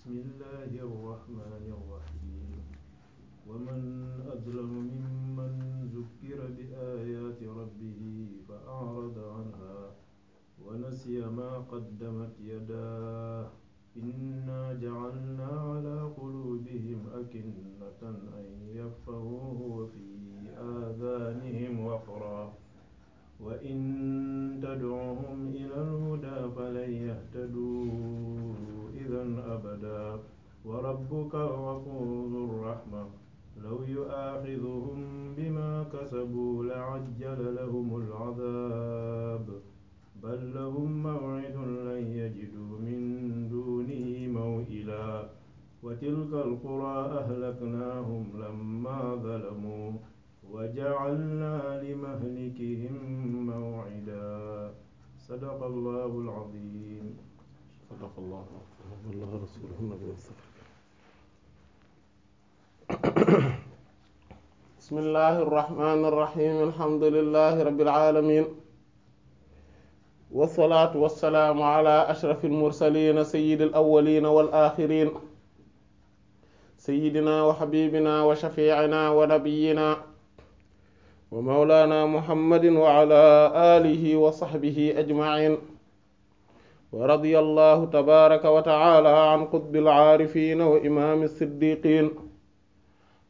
بسم الله الرحمن الرحيم ومن أظلم ممن ذكر بآيات ربه فأعرض عنها ونسي ما قدمت يداه إنا جعلنا على قلوبهم أكنة أن يفقهوه وفي آذانهم وقرا وإن تدعهم إلى الهدى فلن يهتدوا وربك الغفور الرحمة لو يؤاخذهم بما كسبوا لعجل لهم العذاب بل لهم موعد لن يجدوا من دونه موئلا وتلك القرى أهلكناهم لما ظلموا وجعلنا لمهلكهم موعدا صدق الله العظيم صدق الله الله رسوله النبي bismillahi irrahmani irrahim alhamdulilahi rabilalamin wasalaatu wasalaamu ala ashrafi almursalina sayidi alawalina walaxirin sayidina wa xabibina wa shafiicina wa nabiyina wa mawlana muhammadin wa ala alihi wa saxbihi ajmain wa radiya allahu tabaraka wa taala an qutbi alcaarifina wa imaami siddiqin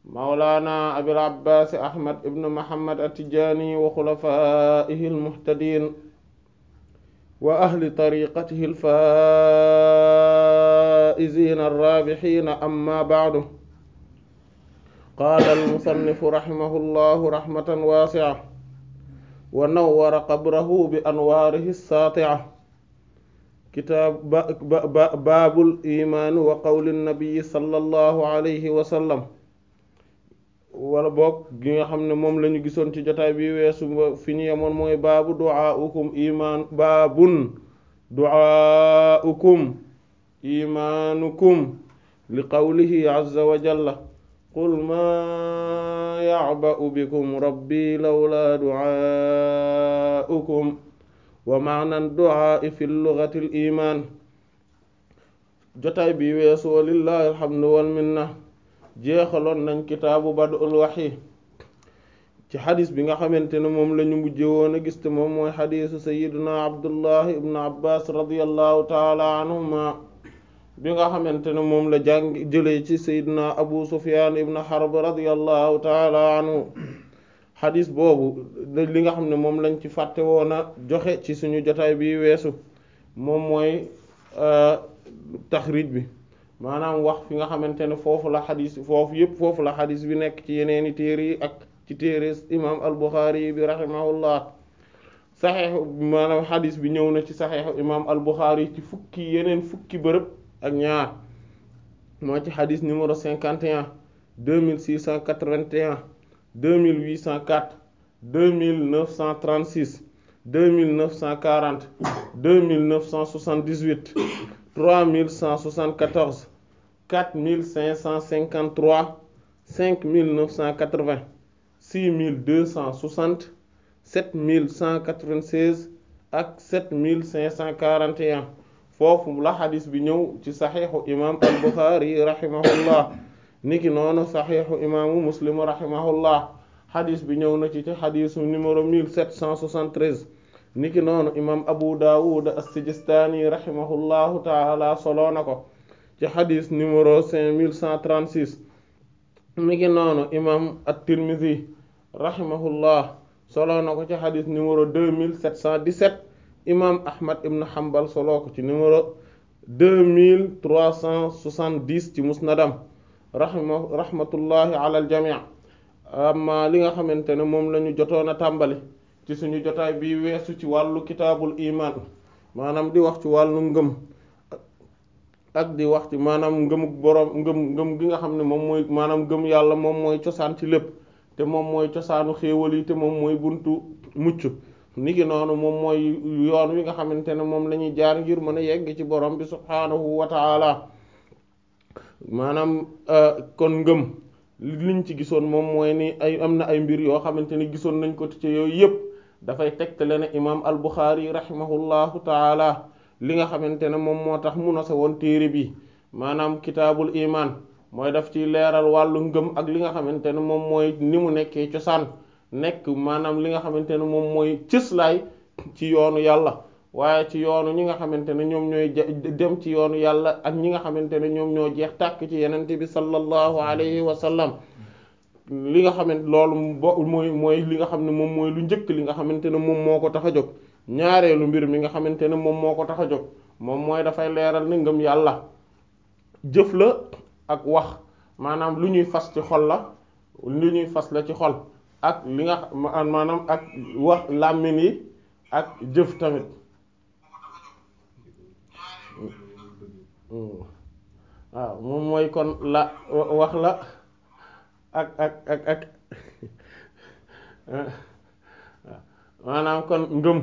mawlaana abil abbaasi ahmad ibn muhammad attijaani wa xulafaa'ihi almuhtadiin wa ahli tariqatihi alfaa'iziina arraabihiina amma ba'du qaala almusannifu rahimahullaahu rahmatan waasi'a wa nawwara qabrahu bi anwaarihi saati'a kitaab baabul iimaani wa qawli nabiyyi sallallaahu alayhi wa sallam wala boog gi nga xam ne moom la ñu gisoon ci jotaay bi weesu fi ñu yemoon mooy baabu du'a ukum imaan baabun du'a ukum imaanukum li qawlihi azza wa qul maa ya'ba'u bikum rabbi lawlaa du'aa'ukum wa ma'na du'aa'i fi lughati al imaan jotaay bi weesu walillahi alhamdu wal minna jeexaloon nañ kitaabu badul wahyi ci xadis bi nga xamante ne moom lañu ñu mujje woon a gis te moom mooy xadisu sayiduna abdullahi ibnu abbas radiallahu taala anhuma bi nga xamante ne moom la jàng jëlee ci sayiduna abu sufyan ibnu harb radiallahu taala boobu li nga xam ne moom lañ ci fàtte woon a joxe ci suñu jotaay bi weesu moom mooy euh, taxrij bi maanaam wax fi nga xamante ne foofu la xadis foofu yëpp foofu la xadis bi nekk ci yeneen i téere yi ak ci téere imam al-Bukhari bi rahimahullah saxeexu maanaam xadis bi ñëw na ci saxeexu imam al-Bukhari ci fukki yeneen fukki bërëb ak ñaar moo ci xadis numéro 51 2681 2804 2936 2940 2978 3174 quatre mille cinq cent cinquante trois mille neuf cent quatre vingt mille deux cent soixante sept cent quatre vingt ak sept mille cinq cent quarante foofu la xadis bi ñëw ci saxiixu imam al-Bukhari rahimahullah niki noonu saxiixu imaamu muslim rahimahullah xadis bi ñëw na ci ci xadisu numéro 1773 niki noonu imam Abu Dawud as-Sijistani rahimahullahu taala solo na ko ci xadis numéro cinq mille cent trente-six mi ngi noonu imam at-Tirmidhi rahimahullah solo na ko ci xadis numéro deux mille sept cent dix-sept imam Ahmad ibn Hanbal solo ko ci numéro deux mille trois cent soixante-dix ci musnadam rahima rahmatullahi ala al jami' amma li nga xamante ne moom la ñu jotoon a tàmbali ci suñu jotaay bi weesu ci wàllu kitaabul iman maanaam di wax ci wàllu ngëm ak di wax ci maanaam ngëmu borom ngëm ngëm gi nga xam ne moom mooy maanaam ngëm yàlla moom mooy cosaan ci lépp te moom mooy cosaanu xéewal yi te moom mooy buntu mucc niki noonu moom mooy yoon wi nga xamante ne moom la ñuy jaar ngir mën a yegg ci borom bi subhaanahu wa taala maanaam euh, kon ngëm liñ ci gisoon moom mooy ni ay am na ay mbir yoo xamante ne gisoon nañ ko ci yooyu yëpp dafay tegtale ne imaam al-Bukhari rahimahullahu taala li nga xamante ne moom moo tax mu nose woon téere bi maanaam kitaabul imaan mooy def ci leeral wàllu ngëm ak li nga xamante ne moom mooy ni mu nekkee cosaan nekk maanaam li nga xamante ne moom mooy cëslaay ci yoonu yàlla waaye ci yoonu ñi nga xamante ne ñoom ñooy dem ci yoonu yàlla ak ñi nga xamante ne ñoom ñoo jeex tàkk ci yenent bi sallallahu alayhi wa sallam li nga xamante loolu bo mooy mooy li nga xam ne moom mooy lu njëkk li nga xamante ne moom moo ko tax a jóg ñaareelu mbir mi nga xamante ni moom moo ko tax a jóg moom mooy dafay leeral ni ngëm yàlla jëf la ak wax maanaam lu ñuy fas ci xol la lu ñuy fas la ci xol ak li nga maanaam ak wax ak jëf tamit hmm. moom mooy kon la wax la ak ak maanaam kon ngëm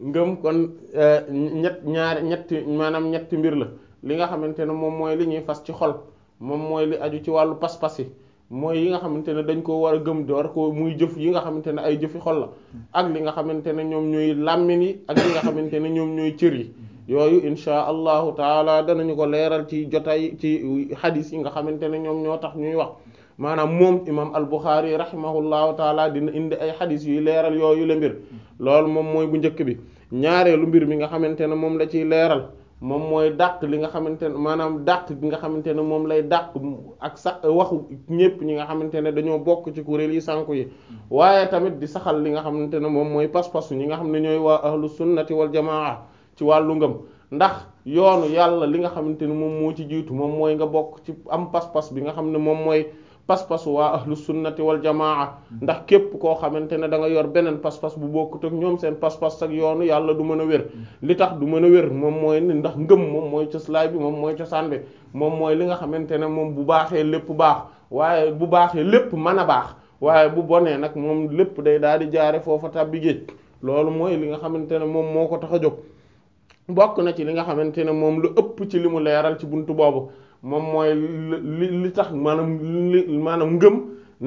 ngëm kon eh, ñett ñaari ñetti maanaam ñetti mbir la li nga xamante ne moom mooy li ñuy fas ci xol moom mooy li aju ci wàllu pas-pas yi mooy yi nga xamante ne dañ koo war a gëm door ko muy jëf yi nga xamante ne ay jëfi xol la ak li nga xamante ne ñoom ñuy làmmiñ yi ak li nga xamante ne ñoom ñuy cër yi yooyu insha allahu taala danañu ko leeral ci jotaay ci xadis yi nga xamante ne ñoom ñoo tax ñuy wax maanaam moom imam al-Bukhari rahimahullahu taala dina indi ay xadis yuy leeral yooyu la mbir loolu moom mooy bu njëkk bi ñaareelu mbir mi nga xamante ne moom la ciy leeral moom mooy dàq li nga xamante ne maanaam dàq bi nga xamante ne moom lay dàq ak sax waxu ñépp ñi nga xamante ne dañoo bokk ci kuréel yi sànku yi waaye tamit di saxal li nga xamante ne moom mooy pas-pasu ñi nga xam ne ñooy waa ahlu sunnati wal jamaa ci wàllu ngëm ndax yoonu yàlla li nga xamante ne moom moo ci jiitu moom mooy nga bokk ci am pas-pas bi nga xam ne moom mooy pas-pas waa ahlu sunnati wal jamaa ndax képp koo xamante ne da nga yor beneen pas-pas bu bokkut ak ñoom seen pas-pas ak yoonu yàlla du mën a wér mm. li tax du mën a wér moom mooy ndax ngëm mooy cëslaay bi moom mooy cosaan bi moom mooy li nga xamante ne moom bu baaxee lépp baax waaye bu baaxee lépp mën a baax waaye bu bonee nag moom lépp day daal di jaare foofa loolu mooy li nga xamante ne moom moo ko tax a jóg bokk na ci li nga xamante ne moom lu ëpp ci li mu leeral ci buntu boobu moom mooy li li tax maanaam maanaam ngëm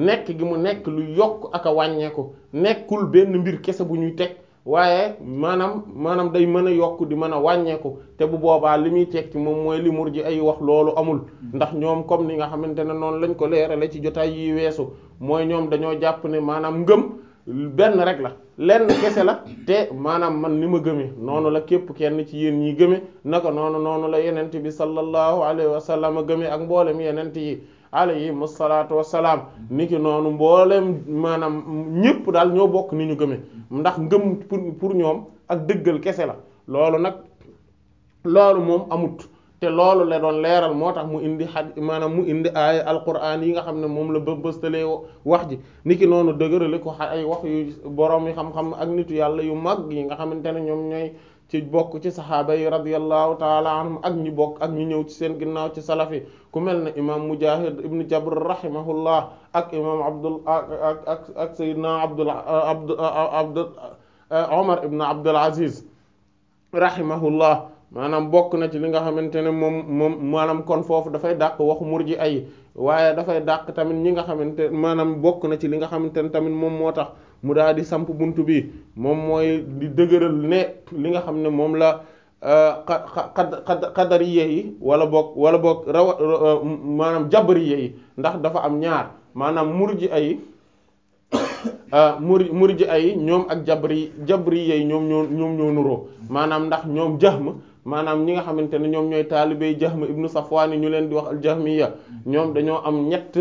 nekk gi mu nekk lu yokk ak wàññeeku nekkul benn mbir kese bu ñuy teg waaye maanaam maanaam day mën a yokk di mën a wàññeeku te bu boobaa li muy teg ci moom mooy li murji ay wax loolu amul ndax ñoom comme ni nga xamante ne noonu lañ ko leerale ci jotaay yi weesu mooy ñoom dañoo jàpp ne maanaam ngëm benn rek la lenn kese la te maanaam man ni ma gëmee noonu la képp kenn ci yéen ñi gëme naka noonu noonu la yenent bi sallallahu alayhi wa sallam gëme ak mboolem yenent yi alayhim salaatu wassalaam niki noonu mboole maanaam ñépp daal ñoo bokk ni ñu gëme ndax ngëm pour pour ñoom ak dëggal kese la loolu nag loolu moom amut te loolu la doon leeral moo tax mu indi xad maanaam mu indi aaya alquran yi nga xam ne moom la bëbëstalee wax ji nit ki noonu dëgërale ko ay wax yu borom yi xam-xam ak nitu yàlla yu mag yi nga xamante ne ñoom ñooy ci bokk ci saxaaba yi radiyallahu taala anhum ak ñi bokk ak ñu ñëw ci seen ginnaaw ci salafi ku mel ne imaam mujahid ibnu jabr rahimahullah ak imaam abdul ak ak ak sayidna abdul abdul aziz rahimahullah maanaam bokk na ci li nga xamante ne moom moom maanaam kon foofu dafay dàq waxu murji ay waaye dafay dàq tamit ñi nga xamante maanaam bokk na ci li nga xamante ne tamit moom moo tax mu daal di samp bunt bi moom mooy di dëgëral ne li nga xam ne moom la xad euh, xadariye yi wala bokk wala bokk rawa euh, maanaam jabariye yi ndax dafa am ñaar maanaam murji ay euh, mur murji ay ñoom ak jabri jabri yey ñoom ñoo ñoom ñoo nuroo maanaam ndax ñoom jahm maanaam ñi nga xamante ne ñoom ñooy taalibey Jahm ibnu Safwaan ñu leen di wax al Jahmiya ñoom dañoo am ñett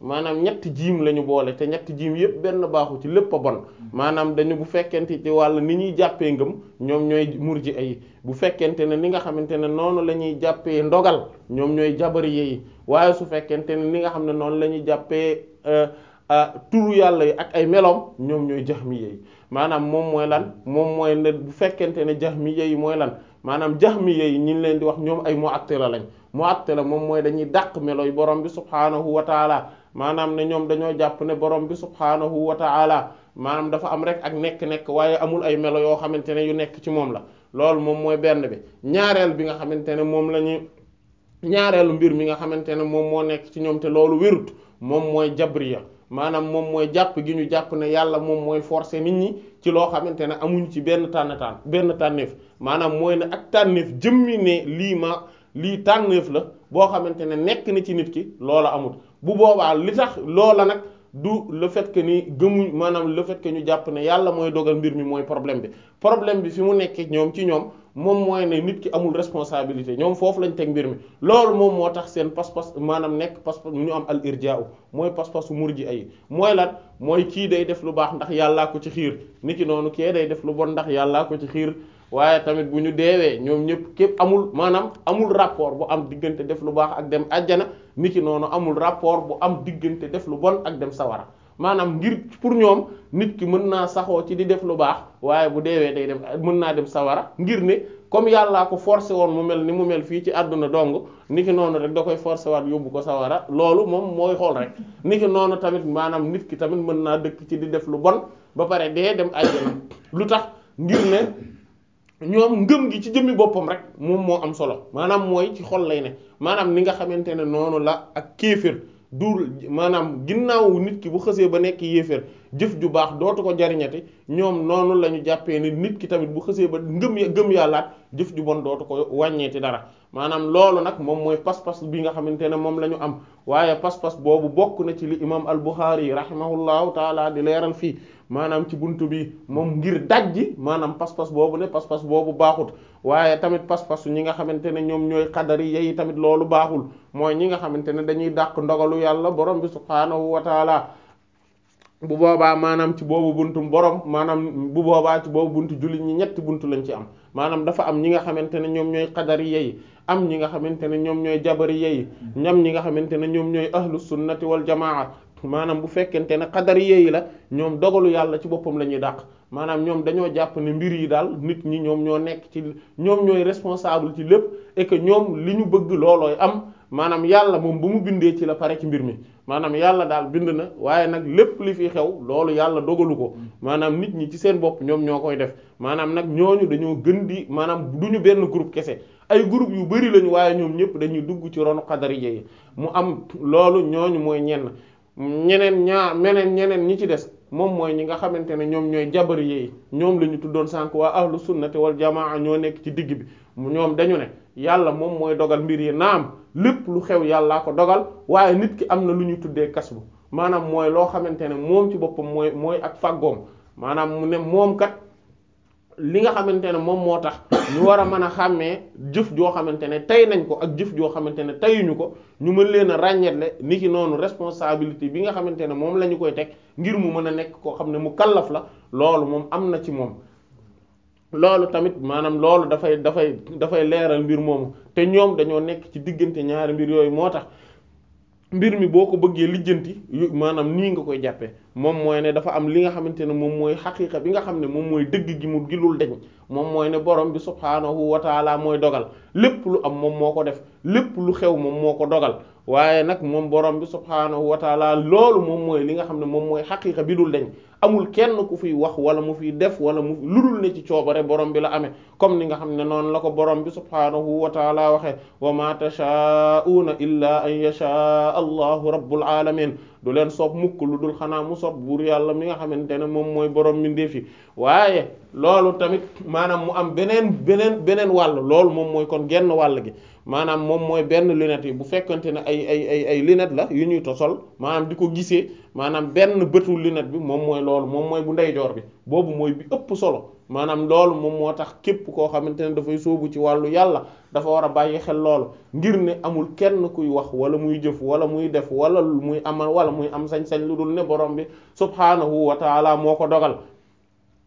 maanaam ñetti jiim la ñu boole te ñetti jiim yëpp benn baaxu ci lépp a bon maanaam dañu bu fekkente ci wàll ni ñuy jàppee ngëm ñoom ñooy murji ay bu fekkente ne ni nga xamante ne noonu la ñuy jàppee ndogal ñoom ñooy jabari yi waaye su fekkente ne ni nga xam ne noonu lañuy ñuy jàppee euh, euh, turu yàlla yi ak ay meloom ñoom ñooy jaxmi yi maanaam moom mooy lan moom mooy ne bu fekkente ne jaxmi yi mooy lan maanaam jahmiya yi ñu ngi leen di wax ñoom ay mu'attila lañ mu'attila moom mooy dañuy dàq melo yi borom bi subhaanahu wa taala maanaam ne ñoom dañoo jàpp ne borom bi subhaanahu wa taala maanaam dafa am rek ak nekk-nekk waaye amul ay melo yoo xamante ne yu nekk ci moom la loolu moom mooy benn bi ñaareel bi nga xamante ne moom la ñu ñaareelu mbir mi nga xamante ne moom moo nekk ci ñoom te loolu wérut moom mooy jabriya maanaam moom mooy jàpp gi ñu jàpp ne yàlla moom mooy forcer nit ñi ci loo xamante ne amuñ ci benn tànn tànn benn tànneef maanaam mooy ne ak tànneef jëmmi ne lii ma lii tànneef la boo xamante ne nekk na ci nit ki loola amul bu boobaa li tax loola nag du le fait que ni gëmuñ maanaam le fait ñu jàpp ne yàlla mooy dogal mbir mi mooy problème bi problème bi fi mu nekkee ñoom ci ñoom moom mooy ne nit ki amul responsabilité ñoom foofu lañ teg mbir mi loolu moom moo tax seen pas-pas maanaam nekk pas-pas ñu am al irjaaw mooy pas-pasu murji ay mooy lan mooy kii day def lu baax ndax yàllaa ko ci xiir nit ki noonu kee day def lu bon ndax yàllaa ko ci xiir waaye tamit bu ñu deewee ñoom ñëpp képp amul maanaam amul rapport bu am diggante def lu baax ak dem àjjana nit ki noonu amul rapport bu am diggante def lu bon ak dem sawara maanaam ngir pour ñoom nit ki mën naa saxoo ci di def lu baax waaye bu deewee day dem mën naa dem sawara ngir ne comme yàllaa ko forcé woon mu mel ni mu mel fii ci àdduna dong niki noonu rek da koy forcé waat yóbbu ko sawara loolu moom mooy xool rek niki noonu tamit maanaam nit ki tamit mën naa dëkk ci di def lu bon ba pare dee dem àjjana lu tax ngir ne ñoom ngëm gi ci jëmmi boppam rek moom moo am solo maanaam mooy ci xol lay ne maanaam ni nga xamante ne noonu la ak kéefër du maanaam ginnaawu nit ki bu xësee ba nekk yéefër jëf ju baax dootu ko jariñati ñoom noonu la ñu jàppee ni nit ki tamit bu xësee ba ngëm gëm yàllaat jëf ju bon dootu ko wàññeeti dara maanaam loolu nag moom mooy pas-pas bi nga xamante ne moom la ñu am waaye pas-pas boobu bokk na ci li imam al-Bukhari rahimahullahu taalaa di leeral fii maanaam ci bunt bi moom ngir dajji maanaam pas-pas boobu ne pas-pas boobu baaxut waaye tamit pas-pasu ñi nga xamante ne ñoom ñooy xadari yi tamit loolu baaxul mooy ñi nga xamante ne dañuy dàq ndogalu yàlla borom bi subhaanahu wa bu boobaa maanaam ci boobu buntu borom maanaam bu boobaa ci boobu buntu jullit ñi ñetti buntu lañ ci am maanaam dafa am ñi nga xamante ne ñoom ñooy qadari am ñi nga xamante ne ñoom ñooy jabari yeyi ñam ñi nga xamante ne ñoom ñooy ahlu sunnati wal jamaa maanaam bu fekkente ne qadari yeyi la ñoom dogalu yàlla ci boppam la ñuy dàq maanaam ñoom dañoo jàpp ne mbir yi daal nit ñi ñoom ñoo nekk ci ñoom ñooy responsable ci lépp et que ñoom li ñu bëgg loolooy am maanaam yàlla moom ba mu bindee ci la pare ci mbir mi maanaam yàlla daal bind na waaye nag lépp li fi xew loolu yàlla dogalu ko mm. maanaam nit ñi ci seen bopp ñoom ñoo koy def maanaam nag ñooñu dañoo gën di maanaam du ñu benn groupe kese ay groupe yu bari lañu waaye ñoom ñëpp dañuy dugg ci ronu xadariya yi mu am loolu ñooñu mooy ñenn ñeneen ñaar meneen ñeneen ñi ci des moom mooy ñi nga xamante ne ñoom ñooy jabari yi ñoom la ñu tuddoon sànq waa ahlu sunnati wal jamaa ñoo nekk ci digg bi ñoom dañu ne yàlla moom mooy dogal mbir yi naa am lépp lu xew yàllaa ko dogal waaye nit ki am na lu ñu tuddee kasbu maanaam mooy loo xamante ne moom ci boppam mooy mooy ak fàggoom maanaam mu ne moom kat li nga xamante ne moom moo tax war a mën a xàmmee jëf joo xamante ne tey nañ ko ak jëf joo xamante ne teyuñu ko ñu mën leen a ràññetle ni ki noonu responsabilité bi nga xamante ne moom lañu koy teg ngir mu mën a nekk koo xam ne mu kallaf la loolu moom am na ci moom loolu tamit maanaam loolu dafay dafay dafay leeral mbir moomu te ñoom dañoo nekk ci diggante ñaari mbir yooyu moo tax mbir mi boo ko bëggee lijjanti maanaam nii nga koy jàppee moom mooy ne dafa am li nga xamante ne moom mooy xaqiqa bi nga xam ne moom mooy dëgg gi mu gilul deñ moom mooy ne borom bi subhaanahu wa taala mooy dogal lépp lu am moom moo ko def lépp lu xew moom moo ko dogal waaye nag moom borom bi subhaanahu wa taala loolu moom mooy li nga xam ne moom mooy xaqiqa bi dul dañ amul kenn ku fi wax wala mu fiy def wala mu ludul ne ci coobare borom bi la amee comme ni nga xam ne noonu la ko borom bi subhaanahu wa taala waxee wa ma tashaa'uuna illaa an yashaa allahu rabbul alamin du leen soob mukk lu dul xanaa mu soob buur yàlla mi nga xamante ne moom mooy borom mbindeef yi waaye loolu tamit maanaam mu am beneen beneen beneen wàll loolu moom mooy kon genn wàll gi maanaam moom mooy benn lunette yi bu fekkante ne ay ay ay ay lunette la yu ñuy tosol maanaam di ko gisee maanaam benn bëtu lunette bi moom mooy loolu moom mooy bu ndeyjoor bi boobu mooy bi ëpp solo maanaam loolu moom moo tax képp koo xamante ne dafay sóobu ci wàllu yàlla dafa war a bàyyi xel loolu ngir ne amul kenn kuy wax wala muy jëf wala muy def wala muy amal wala muy am sañ-sañ lu dul ne borom bi subhaanahu wa taala moo ko dogal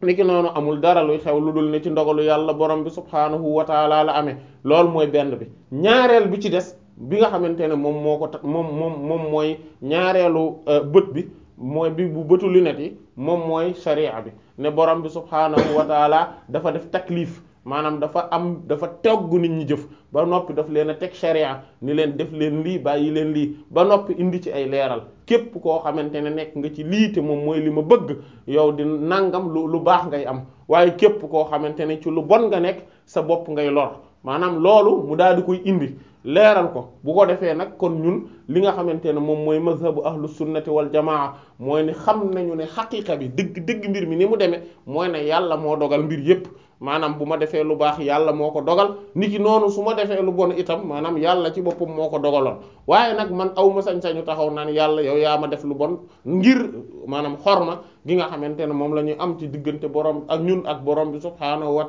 niki noonu amul dara luy xew lu dul ne ci ndogalu yàlla borom bi subhaanahu wa taala la amee loolu mooy benn bi ñaareel bi ci des bi nga xamante ne moom moo ko moom moom moom mooy ñaareelu euh, bët bi mooy bi bu bëtu lunette yi moom mooy sharia bi ne borom bi subhaanahu wa taala dafa def taklif maanaam dafa am dafa togg nit ñi jëf ba noppi daf leen a teg sharia ni leen def leen lii bàyyi leen lii ba noppi indi ci ay leeral képp koo xamante ne nekk nga ci lii te moom mooy li ma bëgg yow di nangam lu lu baax ngay am waaye képp koo xamante ne ci lu bon nga nekk sa bopp ngay lor maanaam loolu mu daal di koy indi leeral ko bu ko defee nag kon ñun li nga xamante ne moom mooy mazhabu ahlu sunnati wal jamaa mooy ni xam nañu ne xaqiqa bi dëgg dëgg mbir mi ni mu demee mooy ne yàlla moo dogal mbir yépp maanaam bu ma defee lu baax yàlla moo ko dogal niki noonu su ma defee lu bon itam maanaam yàlla ci boppam moo ko dogaloon waaye nag man aw ma sañ-sañu taxaw naan yàlla yow yaa ma def lu bon ngir maanaam xorma gi nga xamante ne moom la ñuy am ci diggante borom ak ñun ak borom bi subhaanahu wa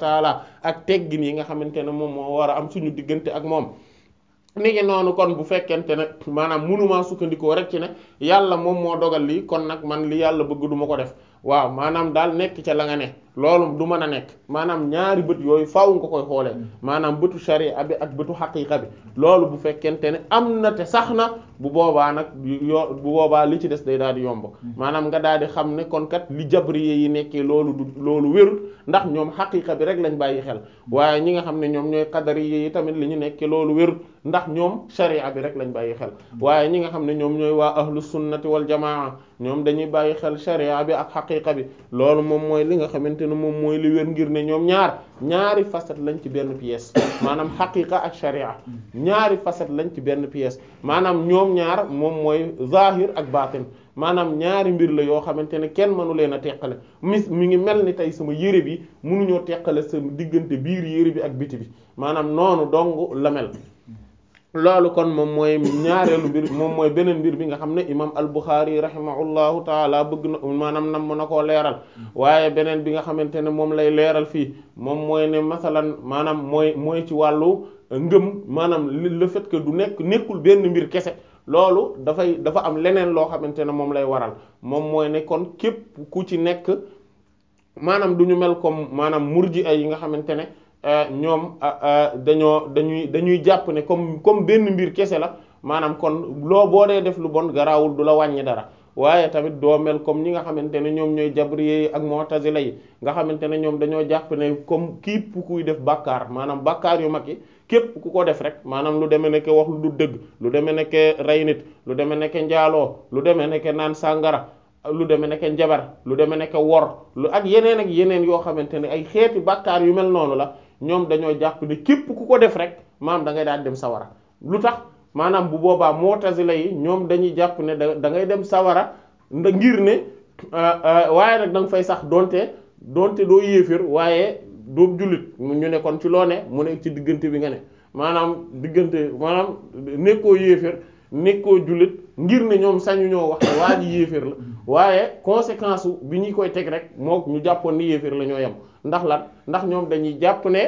ak teggin yi nga xamante ne moom moo war a am suñu diggante ak moom mi ngi noonu kon bu fekkente ne maanaam mënumaa sukkandikoo rek ci ne yàlla moom moo dogal lii kon nag man li yàlla bëgg duma ko def waaw maanaam daal nekk ca la nga ne loolu du mën a nekk maanaam ñaari bët yooyu faw nga koy xoolee mm. maanaam bëtu sharia bi ak bëtu xaqiqa bi loolu bu fekkente ne am na te sax na bu boobaa nag yo bu boobaa li ci des day daal di yomb mm. maanaam nga daal di xam ne kon kat li jabriye yi nekkee loolu du loolu wérul ndax ñoom xaqiqa bi rek lañ bàyyi xel waaye ñi nga xam ne ñoom ñooy qadariye yi tamit li ñu nekkee loolu wérul ndax ñoom sharia bi rek lañ bàyyi xel mm. waaye ñi nga xam ne ñoom ñooy waa ahlu sunnati wal jamaa ñoom dañuy bàyyi xel sharia bi ak xaqiqa bi loolu moom mooy li nga xamante ne moom mooy li wér ngir ne ñoom ñaar ñaari facette lañ ci benn pièce maanaam xaqiqa ak sharia ñaari facette lañ ci benn pièce maanaam ñoom ñaar moom mooy zahir ak batin maanaam ñaari mbir la yoo xamante ne kenn mënu leen a teqale mis mi ngi mel ni tey sama yére bi munuñoo teqale sama diggante biir yére bi ak biti bi maanaam noonu dong la mel loolu kon moom mooy ñaareelu mbir moom mooy beneen mbir bi nga xam ne imam al-Bukhari rahimahullahu taala bëgg na maanaam nam na koo leeral waaye beneen bi nga xamante ne moom lay leeral fii moom mooy ne masalan maanaam mooy mooy ci wàllu ngëm maanaam le fait que du nekk nekkul benn mbir kese loolu dafay dafa am leneen loo xamante ne moom lay waral moom mooy ne kon képp ku ci nekk maanaam du ñu mel ko maanaam murji ay yi nga xamante ne Euh, ñoom euh, euh, dañoo dañuy dañuy jàpp ne comme comme benn mbir kese la maanaam kon loo boo dee def lu bon garaawul du la wàññi dara waaye tamit doo mel comme ñi nga xamante ne ñoom ñooy jabriye yi ak mu'tazila yi nga xamante ne ñoom dañoo jàpp ne comme képp kuy def bàkkaar maanaam bàkkaar yu mag yi képp ku ko def rek maanaam lu demee nekk wax lu du dëgg lu demee nekk rey nit lu demee nekk njaaloo lu demee nekk naan sàngara lu demee nekk njabar lu demee nekk wor lu ak yeneen ak yeneen yoo xamante ne ay xeeti bàkkaar yu mel noonu la ñoom dañoo jàpp ni képp ku ko def rek maanaam da ngay daal dem sawara lu tax maanaam bu boobaa moo mu'tazila yi ñoom dañuy jàpp ne da da ngay dem sawara nda ngir ne euh, euh, waaye nag da fay sax donte donte doo yéefir waaye doo jullit ñu ne kon ci loo ne mu ne ci diggante bi nga ne maanaam diggante maanaam nekkoo yéefir nekkoo jullit ngir ne ñoom sañu ñoo wax ne waa ji yéefir la mm-hmm. waaye conséquence bi ñu koy teg rek moo ñu jàppoon ni yéefir la ñoo yem ndax lan ndax ñoom dañuy jàpp ne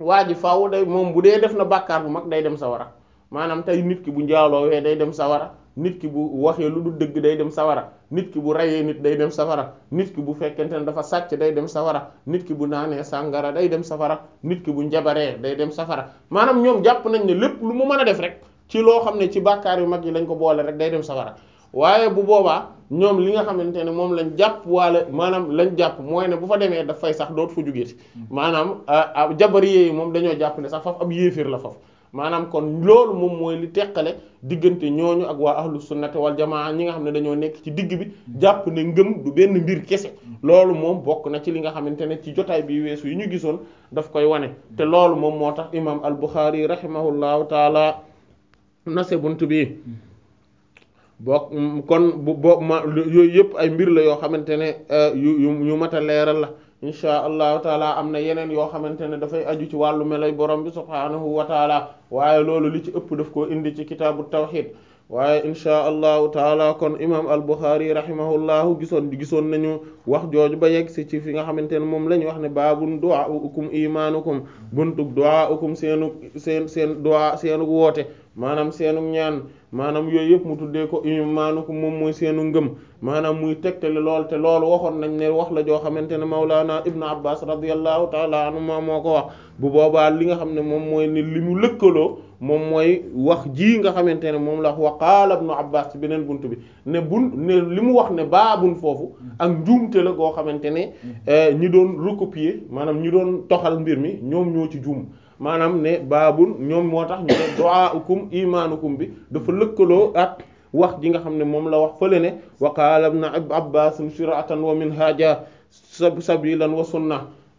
waa ji faw day moom bu dee def na bàkkaar bu mag day dem sawara maanaam tey nit ki bu njaaloowee day dem sawara nit ki bu waxee lu du dëgg day dem sawara nit ki bu rayee nit day dem safara nit ki bu fekkente ne dafa sàcc day dem safara nit ki bu naanee sàngara day dem safara nit ki bu njabaree day dem safara maanaam ñoom jàpp nañ ne lépp lu mu mën a def rek ci loo xam ne ci bàkkaar yu mag yi lañ ko boole rek day dem sawara waaye bu boobaa ñoom li nga xamante ne moom lañ jàpp waale maanaam lañ jàpp mooy ne bu fa demee dafay fay sax dootu fa jugee mm. maanaam ah, ah, jabariye yi moom dañoo jàpp ne sax faf ab yéefir la faf maanaam kon loolu moom li teqale diggante ñooñu ak waa ahlu sunnati wal jamaa ñi nga xam ne dañoo nekk ci digg bi mm. jàpp ne ngëm du benn mbir kese mm. loolu moom bokk na ci li nga xamante ne ci jotaay bi weesu yi ñu gisoon daf koy wane te loolu moom moo tax imam al Bukhari rahimahullahu taala nase bunt bi bokk kon bu bo ma yooyu yëpp ay mbir la yoo xamante ne euh, yu yu yu mat a leeral la inchaa allahu taala am na yeneen yoo xamante ne dafay aju ci wàllu melay borom bi subhaanahu wa taala waaye loolu li ci ëpp def koo indi ci kitaabu tawxid waaye inchaa allahu taala kon imam al buxaari rahimahullahu gisoon gisoon nañu wax jooju ba yegg si ci fi nga xamante ne moom la ñu wax ne baabun du'a ukum imaanukum buntub du'a ukum seenu seen seen du'a seenu woote maanaam seenu ñaan maanaam yooyu yëpp mu tuddee ko imaanukum moom mooy seenu ngëm maanaam muy tegtale lool te loolu waxoon nañ ne wax la joo xamante ne Mawlana Ibnu Abbas radiyallahu taala anhuma moo ko wax bu boobaa li nga xam ne moom mooy ni li mu lëkkaloo moom mooy wax ji nga xamante ne moom la wax wa qaala Ibnu Abbas ci beneen bunt bi ne bun li mu wax ne baabun foofu ak njuumte la goo xamante ne mm. eh, ñi doon recopier maanaam ñi doon toxal mbir mi ñoom ñoo ci juum maanaam ne baabul ñoom moo tax ñu ne du'aa'ukum imaanukum bi dafa lëkkaloo at wax ji nga xam ne moom la wax fële ne wa qaala ibn Abbaas shir'atan wa minhaaja sabilan wa sunna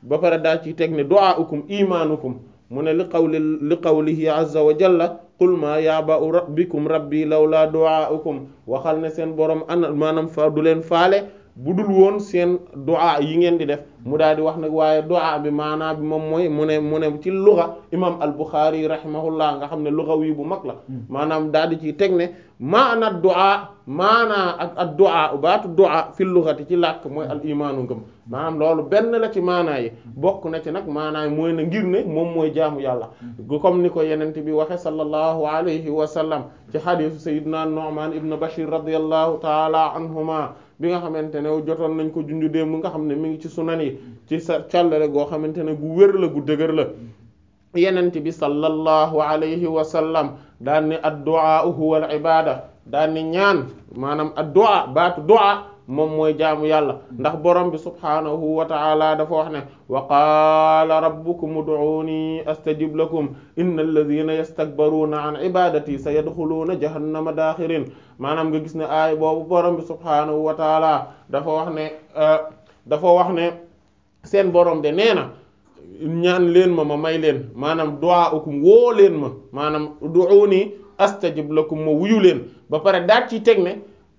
ba pare daal ci teg ne du'aa'ukum imaanukum mu ne li qawli li qawlihi azza wa jalla qul maa yaaba'u rabbikum rabbi law laa du'aa'ukum waxal ne seen borom ana maanaam fa du leen faale bu dul woon seen du'a yi ngeen di def mu daal di wax nag waaye du'a bi maanaa bi moom mooy mu ne mu ne ci luga imam al-Bukhari rahimahullah nga xam ne luga wi bu mag la hmm. maanaam daal di ciy teg ne maana a maanaa ak ak du'a baatu du'a fi lugati ci làkk mooy al imaanu ngëm maanaam loolu benn la ci maanaa yi bokk na ci nag maanaa mooy na ngir ne moom mooy jaamu yàlla hmm. comme ni ko yenente bi waxe sallallahu alayhi wa sallam ci xadiisu sayyidina Nu'man ibn Bashir radiyallahu ta'ala anhuma bi nga xamante ne jotoon nañ ko junju démb nga xam ne mu ngi ci sunan yi ci sa càllale goo xamante ne gu wér la gu dëgër la yenent bi sallallahu alayhi wa sallam daan ni ad-du'a huwa al-ibada daan ni ñaan maanaam ad-du'a baatu du'a moom mooy jaamu yàlla ndax borom bi subhaanahu wa ta'ala dafa wax ne wa qaala rabbukum ud'uuni astajib lakum inna alladhina yastakbaruuna an ibadati sayadkhuluuna jahannama daaxirin maanaam nga gis ne aay boobu borom bi subhaanahu wa dafa wax ne euh, dafa wax ne seen borom de nee na ñaan leen ma ma may leen maanaam du'aa'ukum woo leen ma maanaam ud'uuni astajib lakum ma wuyu leen ba pare daat ci teg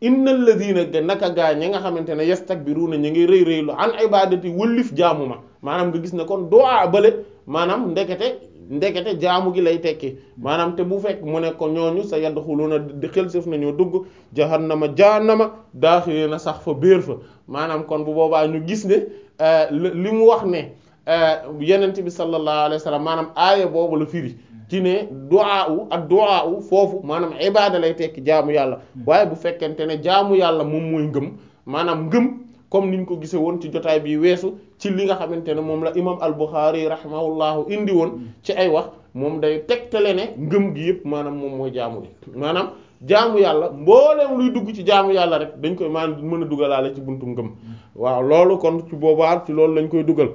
innal ladina ga naka gaa ñi nga xamante ne yastakbiruna ñu ngi rëy rëylu an ibadati wëllif jaamu ma maanaam nga gis ne kon du'a bële maanaam ndekete ndekete jaamu gi lay tekki maanaam te bu fekk mu ne ko ñooñu sa yadxuluna di xel sëf nañoo dugg jahannama jahannama daaxirina sax fa béer fa maanaam kon bu boobaa ñu gis ne euh, li mu wax ne euh, yenent bi sallallahu alayhi wa sallam maanaam aaya boobu la firi ci ne duwaa u ak duwaa u foofu maanaam ibaada lay tekki jaamu yàlla hmm. waaye bu fekkente ne jaamu yàlla moom mooy ngëm maanaam ngëm comme ni ñu ko gisee woon ci jotaay bi weesu ci li nga xamante ne moom la imam al-Bukhari rahimahullahu indi woon hmm. ci ay wax moom day tegtale ne ngëm gi yëpp maanaam moom mooy jaamu bi maanaam jaamu yàlla mbooleem luy dugg ci jaamu yàlla rek dañ koy maanaam mën a dugalaale ci buntu ngëm hmm. waaw loolu kon ci boobaa ci loolu lañ koy dugal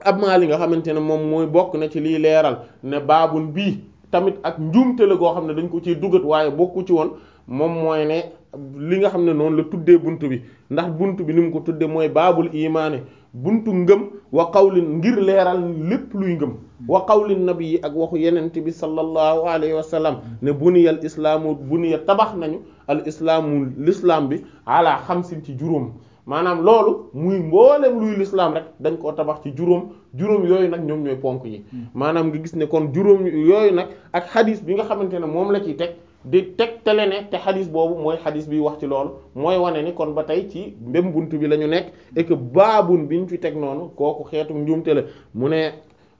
ab li nga xamante ne moom mooy bokk na ci liy leeral ne baabul bii tamit ak njuumte la goo xam ne dañ ko ci dugat waaye bokku ci woon moom mooy ne li nga xam ne noonu la tuddee bunt bi ndax bunt bi ni mu ko tuddee mooy baabul imaane buntu ngëm wa qawlin ngir leeral lépp luy ngëm wa qawlin nabi yi ak waxu yenente bi sallallahu alayhi wa sallam ne buniya al islaamu buniya tabax nañu al islaamu lislaam bi ala xamsin ci juróom maanaam loolu muy mboolem luy lislaam rek dañ koo tabax ci juróom juróom yooyu nag ñoom ñooy ponk yi hmm. maanaam nga gis ne kon juróom yooyu nag ak xadis bi nga xamante ne moom la ciy teg di tegtale ne te xadis boobu mooy xadis bi wax ci loolu mooy wane ni kon ba tey ci ndem bunt bi la ñu nekk et que baabun bi ñu fi teg noonu kooku xeetu njuumte la mu ne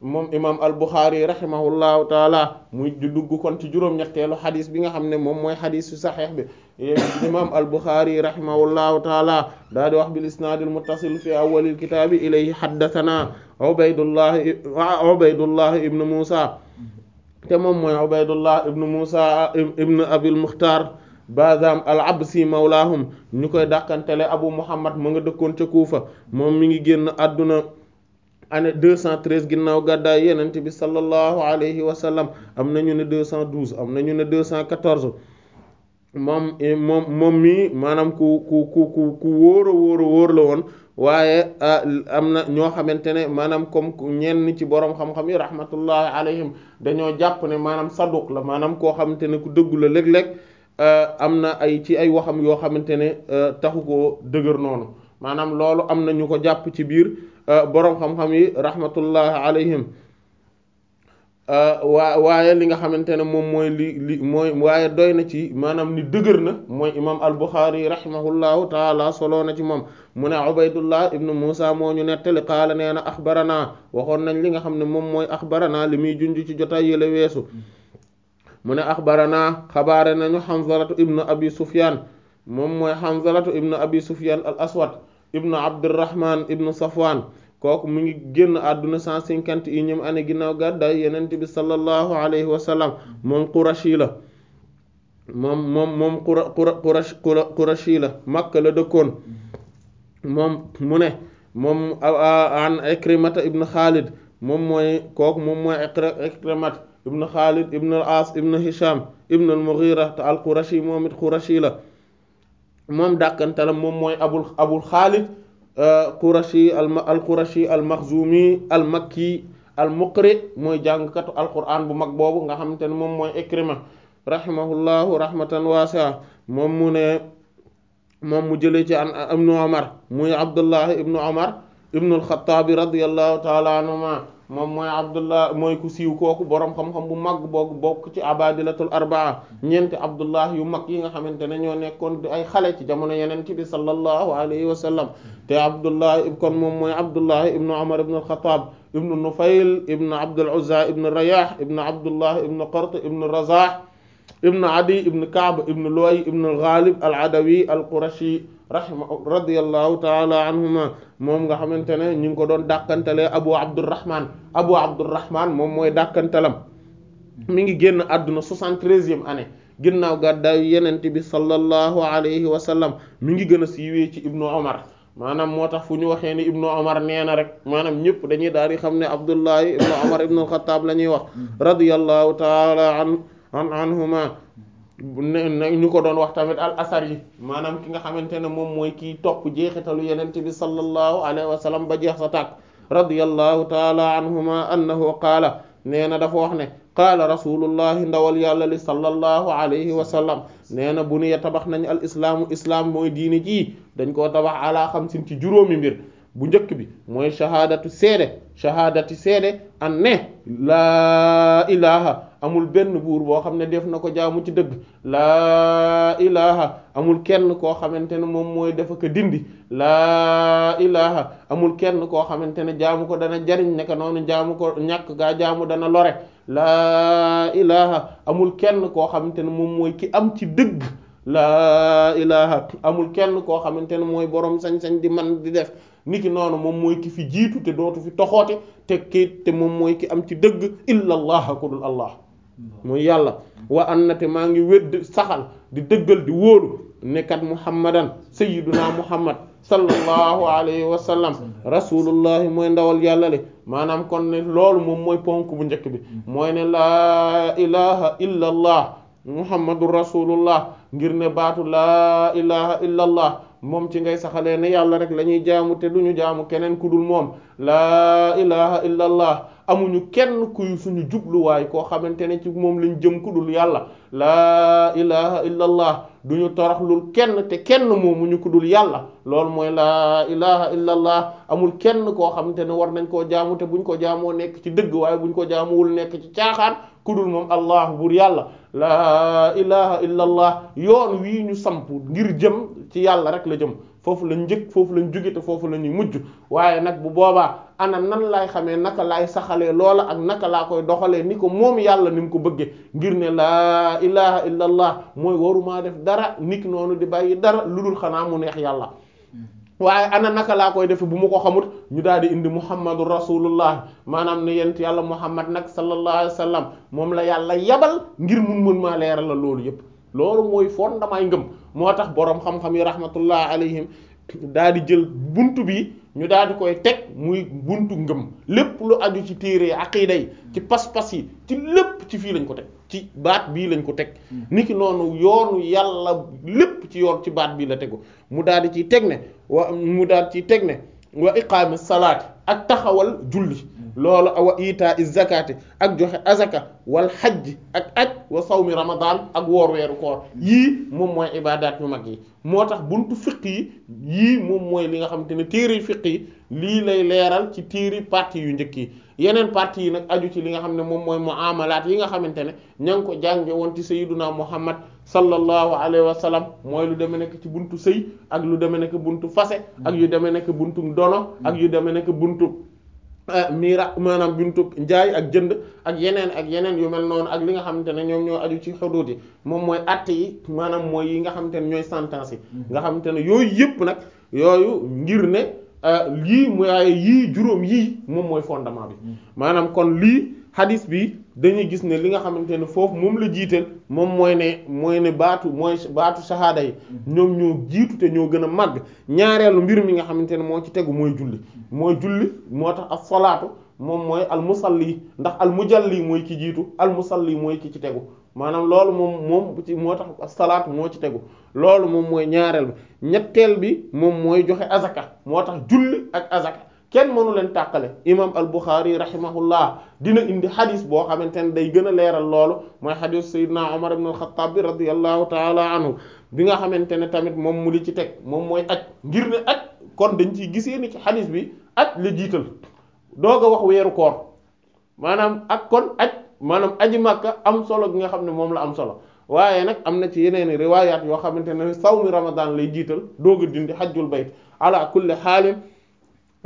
moom imaam al buxaari rahimahullahu taala muy dugg kon ci juróom-ñetteelu xadis bi nga xam ne moom mooy xadis su saxiix bi imaam al buxaari rahimahullahu taala daa di wax bil isnaadil muttasil fi awwalil kitaabi ilayhi xaddasanaa ubaydullah ubaydullah ibnu muusa te moom mooy ubaydullah ibnu muusa ibnu abil muxtaar bazam al absi mawlaahum ñu koy dàkkantele abu muhammad mu nga dëkkoon ca kuufa moom mi ngi génn àdduna année deux cent treize ginnaaw gàddaay yenent bi sallallahu alayhi wa sallam am ñu ne deux cent douze am na ñu ne deux cent quatorze moom moom moom mii maanaam ku ku ku ku wóor a wóor wóor la woon waaye am na ñoo xamante ne maanaam comme ñenn ci borom xam-xam yi rahmatullahi alayhim dañoo jàpp ne maanaam saduq la maanaam koo xamante ne ku dëggu la léeg-léeg am na ay ci ay waxam yoo xamante ne taxu ko dëgër noonu maanaam loolu am na ñu ko jàpp ci biir Euh, boroom xam-xam yi rahmatullahi alayhim euh, waa waaye li nga xamante ne moom mooy li li mooy waaye doy na ci maanaam ni dëgër na mooy imam al-Bukhari rahimahullahu taala soloo na ci moom mu ne Ubaydullah ibnu Musa moo ñu nettali qaala nee na axbaranaa waxoon nañ li nga xam ne moom mooy axbaranaa li muy junj ci jotaay yële weesu mu ne axbaranaa xabaare nañu Hanzalatu ibnu abi Sufyan moom mooy Hanzalatu ibnu abi Sufyan al aswad ibnu abdurrahman ibnu safwan kooku mu ngi génn àdduna cent cinquante yi ñoom ane ginnaaw gàddaay yenent bi sallallahu alayhi wa moom qurashi la moom moom moom qura qurashi la makka la dëkkoon moom mu ne moom an ikrimata ibnu xaalid moom mooy kooku moom mooy ikrimat ibnu xaalid ibnu al ibnu hisham ibnu al mughira al qurashi moom it qurashi la moom dàkkantalam moom mooy abul abul xaalid euh, qurashi al qurashi al maxzumi al makki al muqri mooy jàngkatu alquran bu mag boobu nga xamante ne moom mooy ikrima rahimahullahu rahmatan waasi'a moom mu ne moom mu jëlee ci an ibnu omar muy abdullahi ibnu omar ibnu alxataabi radiallahu taala anhuma moom mooy abdullah mooy ku siiw kooku borom xam-xam bu mag book bokk ci abadilatul arbaa ñeenti abdullah yu mag yi nga xamante ne ñoo nekkoon ay xale ci jamono yenente bi sallallahu alayhi wa sallam te abdullah kon moom mooy abdullah ibnu umar ibnu alxataab ibnu nufayl ibnu abdul uzza ibnu rayah ibnu abdullah ibnu qurt ibnu razah ibnu adi ibnu kaab ibnu luway alxaalib al adawi rahima radiyallahu taala anhuma moom nga xamante ne ñu ngi ko doon dàkkantalee abu abdurrahman abu abdurrahman moom mooy dàkkantalam mu ngi génn àdduna soixante-treizième année ginnaaw gàddaayu yenent bi sallallahu alayhi wa sallam mi ngi gën a siiwee ci ibnu omar maanaam moo tax fu ñu waxee ni ibnu omar nee na rek maanaam ñëpp dañuy daal di xam ne abdullahi ibnu omar ibnu alxataab la ñuy wax mm-hmm. radiyallahu taala an an anhuma ñu ko doon wax tamit al asar yi maanaam ki nga xamante ne moom mooy kii topp jeexitalu yenent bi sallallahu alayhi wa sallam ba jeex sa tàkk radiyallahu taala anhuma annahu qaala nee na dafa wax ne qaala rasulullahi ndawal yàlla li sallallahu alayhi wa sallam nee na bu nuye tabax nañ al islaamu islaam mooy diine jii dañ koo tabax alaa xamsin ci juróomi mbir bu njëkk bi mooy shahaadatu seede shahaadati seede an laa ilaha amul benn buur boo xam ne def na ko jaamu ci dëgg laa ilaha amul kenn koo xamante ne moom mooy dafa ko dindi laa ilaha amul kenn koo xamante ne jaamu ko dana jariñ naka noonu jaamu ko ñàkk gaa jaamu dana lore laa ilaha amul kenn koo xamante ne moom mooy ki am ci dëgg laa ilaha amul kenn koo xamante ne mooy borom sañ-sañ di man di def niki noonu moom mooy ki fi jiitu te dootu fi toxoote te ki te moom mooy ki am ci dëgg illa allah ku dul allah muy yàlla wa an na maa ngi wedd saxal di dëggal di wóolu nekkat muhammadan sayyiduna muhammad sallallahu alayhi wa sallam rasulullahi mooy ndawal yàlla le maanaam kon ne loolu moom mooy ponk bu njëkk bi mooy ne laa ilaha illa allah muhammadu rasulullah ngir ne baatu laa ilaha illa allah moom ci ngay saxalee ne yàlla rek lañuy ñuy jaamu te du ñu jaamu keneen ku dul moom laa ilaha illa allah amuñu kenn kuy suñu jubluwaay koo xamante ne ci moom lañ jëm ku dul yàlla laa ilaha illa allah duñu toroxlul kenn te kenn moomuñu ku dul yàlla loolu mooy laa illa allah amul kenn koo xamante ne war nañ koo jaamu te buñ ko jaamoo nekk ci dëgg waaye buñ ko jaamuwul nekk ci caaxaan ku dul moom allah buur yàlla laa ilaha illa yoon wii ñu samp ngir jëm ci yàlla rek la jëm foofu lañ njëkk foofu lañ jóge foofu la ñuy mujj waaye nag bu boobaa ana nan laay xamee naka laay saxalee loola ak naka laa koy doxalee ni ko moom yàlla ni mu ko bëggee ngir ne laa ilaha illa allah mooy waruma def dara nit noonu di bàyyi dara lu dul xanaa mu neex yàlla waaye ana naka laa koy defe bu mu ko xamut ñu daal di indi muhammadu rasulullah maanaam ne yent yàlla muhammad nag sallallahu alayhi wa moom la yàlla yabal ngir mun mën maa leeral la loolu yépp loolu mooy fondement ngëm moo tax boroom xam-xam yi rahmatullah alayhim daal di jël buntu bi ñu daal di koy teg muy buntu ngëm lépp lu aju ci téere yi aqiida yi ci pas-pas yi ci lépp ci fii lañ ko teg ci baat bii lañ ko teg hmm. ki noonu yoonu yàlla lépp ci yoon ci baat bii la tegu mu daal di ciy teg ne wa mu daal di ciy teg ne wa iqaami salaat ak taxawal julli loolu awa ita i zakati ak joxe azaka wal xajj ak aj wa sawmi ramadan ak woor weeru koor yii moom mooy ibadat yu mag yi moo tax buntu fiq yi yii moom mooy li nga xamante ne téere fiq yi lii lay leeral ci téere partie yu njëkk yi yeneen parti yi nag aju ci li nga xam ne moom mooy muamalaat yi nga xamante ne ña ngi ko jànge woon ci sayyiduna muhammad sallallahu alayhi wa sallam mooy lu deme nekk ci buntu sëy ak lu deme nekk buntu fase ak yu deme nekk buntu ndono ak yu deme nekk buntu Euh, mira maanaam buntub njaay ak jënd ak yeneen ak yeneen yu mel noonu ak li nga xamante ne ñoom ñoo aju ci xuduud yi moom mooy atte yi maanaam mooy yi nga xamante ne ñooy sentence yi mm-hmm. nga xamante ne yooyu yëpp nag yooyu ngir ne euh, lii mooy yii juróom yii moom mooy fondement bi mm-hmm. maanaam kon lii hadis bi dañuy gis ne li nga xamante ne foofu moom la jiital moom mooy ne mooy ne baatu mooy baatu sahaada yi ñoom ñoo jiitu te ñoo gën a màgg ñaareelu mbir mi nga xamante ne moo ci tegu mooy julli mooy julli moo tax ak solaatu moom mooy al musalli ndax al mujalli mooy ki jiitu al musalli mooy ki ci tegu maanaam loolu moom moom moo tax as-salaat moo ci tegu loolu moom mooy ñaareel bi ñetteel bi moom mooy joxe azaka moo tax julli ak azaka kenn mënu leen tàqale imam al Bukhari rahimahullah dina indi xadis boo xamante ne day gën a leeral loolu mooy xadis Seydina Omar ibn al-Khattab bi radiyallahu taala anhu bi nga xamante ne tamit moom mu li ci teg moom mooy aj ngir ne aj kon dañ ciy gisee ni ci xadis bi aj la jiital doog a wax weeru koor maanaam ak kon aj maanaam aji màkka am solo gi nga xam ne moom la am solo waaye nag am na ci yeneen riwaayaat yoo xamante ne sawmi ramadan lay jiital doo a dindi xajjul bayt ala kulli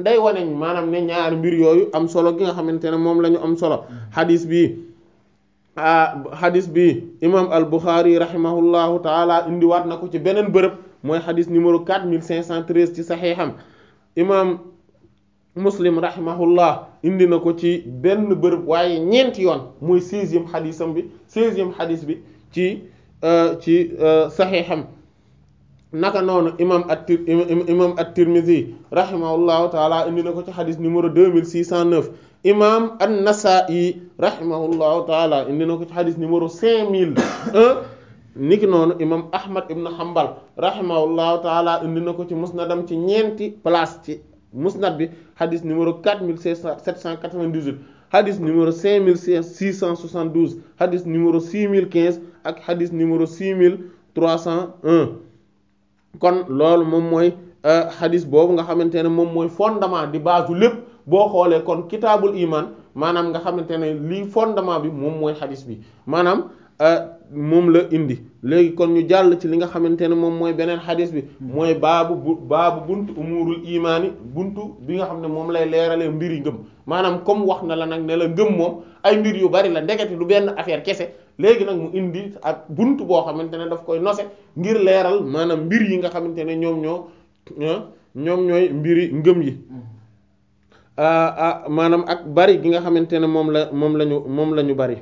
day wane maanaam ne ñaari mbir yooyu am solo gi nga xamante ne moom la ñu am solo xadis bi ah xadis bi imam al Bukhari rahimahullahu taala indiwaat na ko ci beneen bërëb mooy xadis numéro 4513 ci saxiixam imam muslim rahimahullah indi na ko ci benn bërëb waaye ñeenti yoon muy seizième xadisam bi seizième xadis bi ci euh, ci euh, saxiixam naka noonu imam at imam at-Tirmidhi rahimahullahu taala indi na ko ci xadis numéro 2609 imam an-Nasa'i rahimahullahu taala indi na ko ci xadis numéro 5001 niki noonu imam Ahmad ibn Hanbal rahimahullahu taala indi na ko ci musnadam ci ñeenti place ci musnad bi mille mille cinq xadis numéro 4798 xadis numéro 5672 xadis numéro 6015 ak xadis numéro 6301 kon loolu moom mooy euh, xadis boobu nga xamante ne moom mooy fondement di baasu lépp boo xoolee kon kitaabul iman maanaam nga xamante ne li fondement bi moom mooy xadis bi maanaam euh, moom la indi léegi kon ñu jàll ci li nga xamante ne moom mooy beneen xadis bi mooy baabu bu baabu buntu umurul imaani buntu bi nga xam ne moom lay leeralee mbiri ngëm maanaam comme wax na la nag ne la ngëm moom ay mbir yu bari la ndekete lu benn affaire kese léegi nag mu indi ak bunt boo xamante ne daf koy nose ngir leeral maanaam mbir yi nga xamante ne ñoom ñoo ah, ñoom ñooy mbiri ngëm yi mm-hmm. ah, ah, maanaam ak bari gi nga xamante ne moom la moom lañu moom lañu bari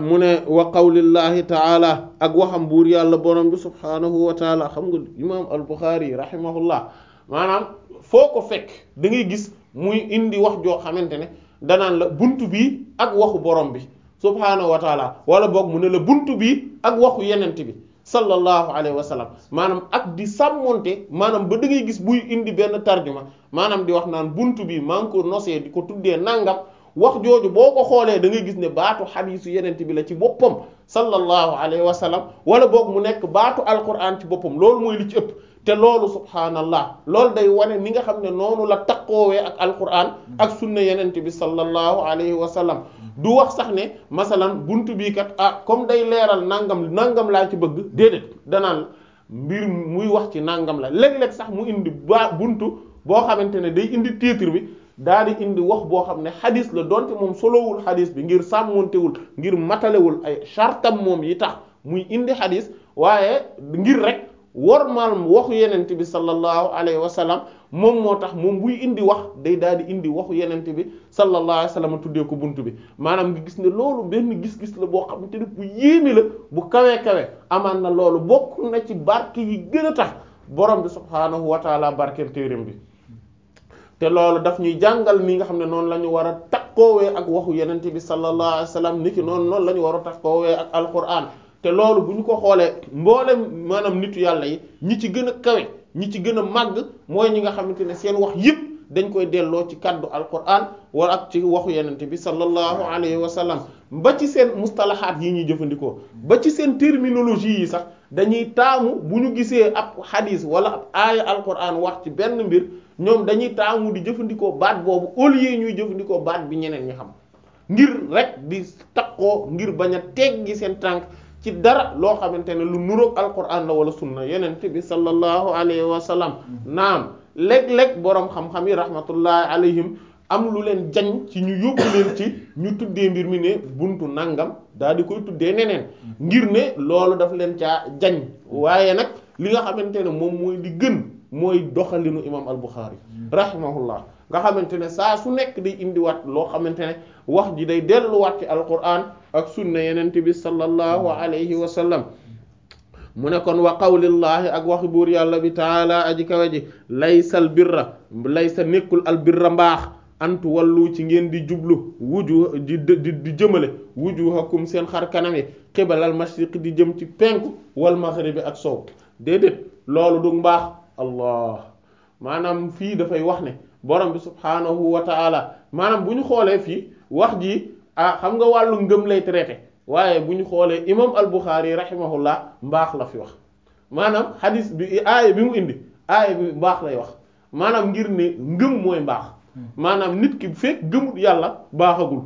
mu ne wa qawlillahi taala ak waxam buur yàlla borom bi subhaanahu wa taala xam nga imaam al Buxaari rahimahullah maanaam foo ko fekk da gis muy indi wax joo xamante ne danaan la bunt bi ak waxu borom bi subhaanahu wa taala wala boog mu ne la bunt bi ak waxu yenent bi sallallahu alayhi wa sallam maanaam ak di sàmmonte maanaam ba da ngay gis buy indi benn tarjuma maanaam di wax naan buntu bi maa ngi ko nosee di ko tuddee nangam wax jooju boo ko xoolee da ngay gis ne baatu xadiisu yenent bi la ci boppam sallallahu alayhi wa sallam wala boog mu nekk baatu alquran ci boppam loolu mooy li ci ëpp te loolu subhaanallah loolu day wane ni nga xam ne noonu la taqoowee ak alquran ak sunna yenente bi sallallahu alayhi wa sallam du wax sax ne masalan buntu bii kat ah comme day leeral nangam nangam laa ci bëgg déedéet danaan mbir muy wax ci nangam la léeg-léeg sax mu indi ba bunt boo xamante ne day indi titre bi daal di indi wax boo xam ne xadis la donte moom solowul xadis bi ngir sàmmontewul ngir matalewul ay chartam moom yi tax muy indi xadis waaye ngir rek wormaal waxu yenent bi sallallahu alayhi wa sallam moom moo tax moom buy indi wax day daal di indi waxu yenent bi sallallahu alayhi wa sallam tuddee ko bunt bi maanaam nga gis ne loolu benn gis-gis la boo xam te ne bu yéeme la bu kawee kawe amaan na loolu bokk na ci barke yi gën a tax borom bi subhaanahu wa taala bi te loolu daf ñuy jàngal ni nga xam ne noonu la ñu war a takkoowee ak waxu yeneent bi sallallahu alayhi wa sallam niki noonu noonu la ñu war a takkoowee ak alquran te loolu bu ñu ko xoolee mboolem maanaam nitu yàlla yi ñi ci gën a kawe ñi ci gën a màgg mooy ñi nga xamante ne seen wax yépp dañ koy delloo ci kàddu alquran wala ak ci waxu yenente bi sallallahu alayhi wa sallam ba ci seen mustalahaat yi ñuy jëfandikoo ba ci seen terminologie yi sax dañuy taamu bu ñu gisee ab wala ab aaya alquran wax ci benn mbir ñoom dañuy taamu di jëfandikoo baat boobu au lieu ñuy jëfandikoo baat bi ñeneen ñi xam ngir rek di takkoo ngir bañ a teggi seen tànk ci dara loo xamante ne lu nuroog alquran la wala sunna yeneen bi sallallahu alayhi wa sallam mm-hmm. naam léeg-léeg boroom xam-xam yi rahmatullahi alayhim am lu leen jañ ci ñu yóbbu leen ci ñu tuddee mbir mi ne buntu nangam daal di koy tuddee neneen mm-hmm. ngir ne loolu daf leen caa jañ waaye nag li nga xamante ne moom mooy li gën mooy doxalinu imam al Bukhari mm-hmm. rahimahullah nga xamante ne saa su nekk day indiwaat loo xamante ne wax ji day delluwaat ci alquran ak sunna yenente bi sallallahu alayhi wa sallam mu ne kon wa qawlillahi ak wax buur yàlla bi taala aji kawe ji laysa al birra sa nekkul al birra mbaax antu wallu ci ngeen di jublu wuju di di jëmale wujuhakum seen xar kanam yi qibalal mashriq di jëm ci penku wal bi ak soow déedéet loolu du mbaax allah maanaam fii dafay wax ne borom bi subhaanahu wa taala maanaam bu ñu xoolee fii wax ji ah xam nga wàllu ngëm lay traité waaye bu ñu xoolee imam al-Bukhari rahimahullah mbaax la fi wax maanaam xadis bi aaya bi mu indi aaya bi mbaax lay wax maanaam ngir ne ngëm mooy mbaax hmm. maanaam nit ki fekk gëmut yàlla baaxagul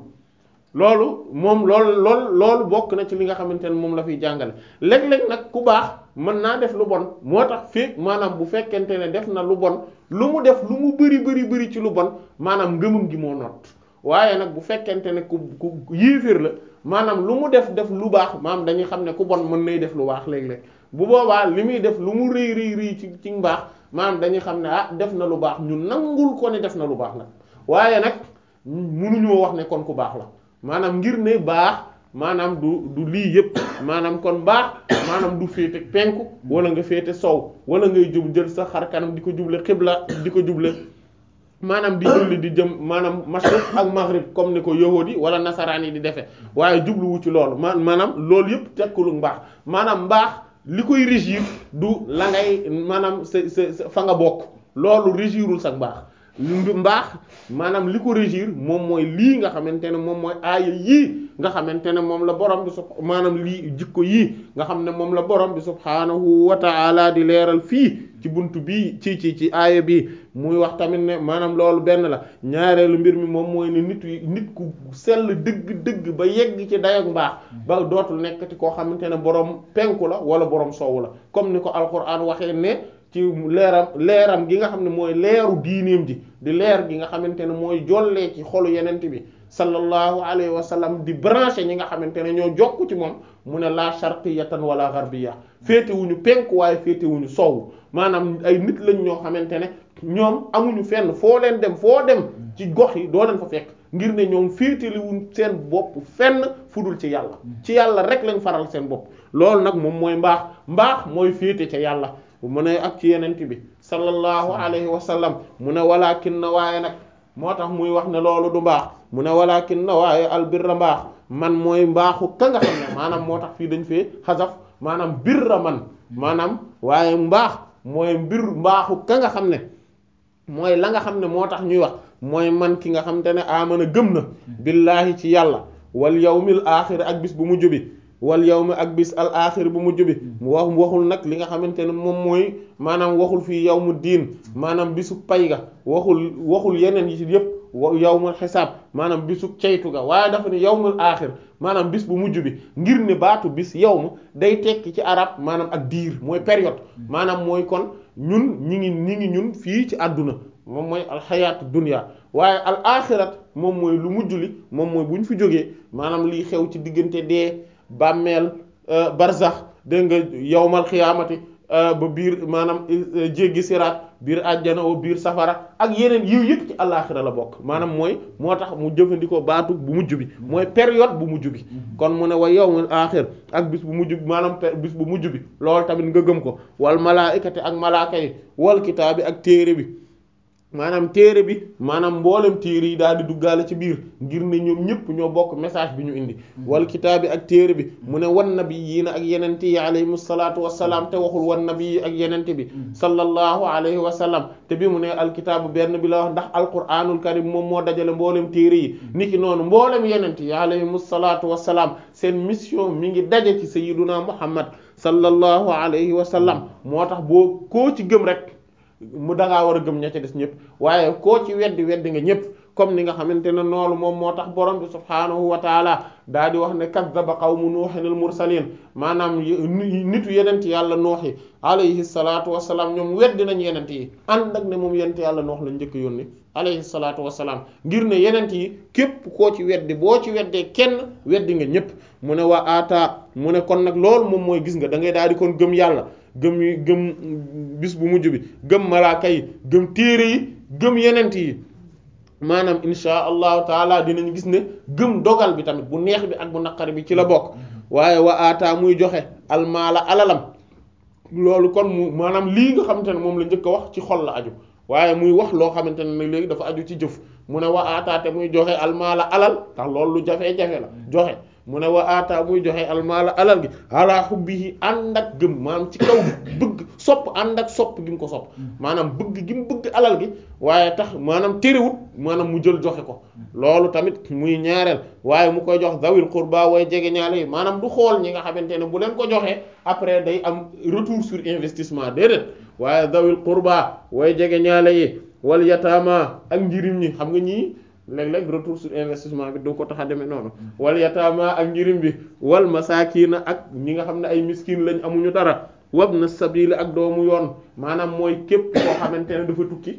loolu moom loolu loolu loolu bokk na ci li nga xamante ne moom la fiy jàngale léeg-léeg nag ku baax mën naa def lu bon moo tax fii maanaam bu fekkente ne def na lu bon lu mu def lu mu bëri bëri bëri ci lu bon maanaam ngëmum gi moo not waaye nag bu fekkente ne ku ku yéeféer la maanaam lu mu def def lu baax maam dañuy xam ne ku bon mën nay def lu baax léeg-léeg bu boobaa li muy def lu mu rëy rëy rëy ci ci mbaax maanaam dañuy xam ne ah def na lu baax ñu nangul ko ne def na lu baax nag waaye nag munuñoo wax ne kon ku baax la maanaam ngir ne baax maanaam du du lii yëpp maanaam kon baax maanaam du féete penku wala nga féete sow wala ngay jub jël sa xar kanam di ko juble xibla di ko juble maanaam di julli di jëm maanaam mashriq ak maghrib comme ni ko yahudi wala nasaraan yi di defee waaye jubluwu ci loolu ma maanaam loolu yëpp tekkulu mbaax maanaam mbaax li koy régir du la maanaam sa sa fa nga bokk loolu régirul sa mbaax lu mbaax maanaam li ko régir moom mooy lii nga xamante ne moom mooy aaya yii nga xamante ne moom la borom bi sub maanaam lii jikko yii nga xam ne moom la borom bi subhaanahu wa taala di leeral fii ci bunt bii ci ci ci aaya bi muy wax tamit ne maanaam loolu benn la ñaareelu mbir mi moom mooy ni nit nit ku sell dëgg-dëgg ba yegg ci dayak mbaax ba dootul nekkati koo xamante ne borom penku la wala borom sowu la comme ni ko alquran waxee ne ci leeram leeram gi nga xam ne mooy leeru diineem ji di leer gi nga xamante ne mooy jollee ci xolu yenent bi sallallahu alayhi wa sallam di branché ñi nga xamante ne ñoo jokk ci moom mu ne la sharqiyatan wala gharbiya féetewuñu penk waaye féetewuñu soow maanaam ay nit lañ ñoo xamante ne ñoom amuñu fenn foo leen dem foo dem ci gox yi doo leen fa fekk ngir ne ñoom féetaliwuñ seen bopp fenn fudul ci yàlla mm. ci yàlla rek lañ faral seen bopp loolu nag moom mooy mbaax mbaax mooy féete ca yàlla mu ne ak ci yenent bi sallallahu alayhi wa sallam mu ne walaa walakin na waaye nag moo tax muy wax ne loolu du mbaax mu ne walaa walakin na waaye albirra mbaax man mooy mbaaxu ka nga xam ne maanaam moo tax fii dañ fee xasaf maanaam birra man maanaam waaye mbaax mooy mbir mbaaxu ka nga xam ne mooy la nga xam ne moo tax ñuy wax mooy man ki nga xam te ne amana gëm na billaahi ci yàlla wal yawmil aaxir ak bis bu mujj bi wal yawmi ak bis al axir bu mujj bi mu waxul nag li nga xamante ne moom mooy maanaam waxul fii yawmu diin maanaam bisu pay ga waxul waxul yeneen yi ci yëpp yawmul xisaab maanaam bisu ceytu ga waaye dafa ne yawmul axir maanaam bis bu mujj bi ngir ne baatu bis yawm day tekk ci arab maanaam ak diir mooy période maanaam mooy kon ñun ñi ngi ñi ñun fii ci àdduna moom mooy alxayaatu dunya waaye al axirat moom mooy lu mujj li moom mooy bu ñu fi jógee maanaam liy xew ci diggante dee bàmmeel euh, barzax dégg nga yowmal xiyaamati euh, ba biir maanaam euh, jéggi siraat biir àjjana wa biir safara ak yeneen yiw yëpp ci àllaaxira la bokk maanaam mooy moo tax mu jëfandikoo baatu bu mujj bi mooy période bu mujj bi kon mu ne wa yawmul aaxir ak bis bu mujj bi maanaam bis bu mujj bi loolu tamit nga gëm ko wal malaayikati ak malaaka yi wal kitaabi ak téere bi maanaam téere bi maanaam mboolem téere yi daal di duggaale ci biir ngir ne ñoom ñëpp ñoo bokk message bi ñu indi wal bi ak téere bi mu ne wan nabi yii na ak yenente yi alayhimu salaatu te waxul wan nabi yi ak yenente bi mm. sallallahu alayhi wa sallam te bi mu ne alkitaabu benn bi la wax ndax alquraanul karim moom moo dajale mboolem téere yi mm. niki noonu mboolem yenente yi alayhimu salaatu salaam seen mission mi ngi daje ci sayyiduna muhammad sallallahu alayhi wa sallam mm. moo tax boo koo ci gëm rek mu da ngaa war a gëm ña ca des ñëpp waaye koo ci weddi weddi nga ñëpp comme ni nga xamante ne noonu moom moo tax borom bi subhaanahu wa taala daa di wax ne kat kaddaba qawmu nuuhin al mursalin maanaam nitu yenent yàlla noox yi alayhi salaatu wasalaam ñoom weddi nañ yenent yi ànd ak ne moom yenent yàlla noox la njëkk yónni alayhi salaatu wasalaam ngir ne yenent yi képp koo ci weddi boo ci weddee kenn weddi nga ñëpp mu ne waa ata mu ne kon nag loolu moom mooy gis nga da ngay daal di kon gëm yàlla gëm yi gëm bis bu mujj bi gëm malaaka yi gëm téere yi gëm yenent yi maanaam insha allahu taala dinañ gis ne gëm dogal bi tamit bu neex bi ak bu naqari bi ci la bokk waaye wa aataa muy joxe almaala alalam loolu kon mu maanaam lii nga xamante ne moom la njëkk a wax ci xol la aju waaye muy wax loo xamante ne léegi dafa aju ci jëf mu ne wa aataa te muy joxe almaala alal tax loolu lu jafe-jafe la joxe mu ne wa aataa muy joxe almaala alal gi ala xubbihi ànd ak gëm maanaam ci kaw bëgg sopp ànd ak sopp gi mu ko sopp maanaam bëgg gi mu bëgg alal gi waaye tax maanaam téréwut maanaam mu jël joxe ko loolu tamit muy ñaareel waaye mu koy jox zawil qurba way jege ñaale yi maanaam du xool ñi nga xamante ne bu leen ko joxee après day am retour sur investissement déedéet waaye zawil qurba way jege ñaale yi wal yataama ak njirim ñi xam nga ñii léeg-léeg retour sur investissement bi du ko tax a demee noonu wal yataama ak njirim bi wal na ak ñi nga xam ne ay miskin lañ amuñu dara wab na sabila ak doomu yoon maanaam mooy képp koo xamante ne dafa tukki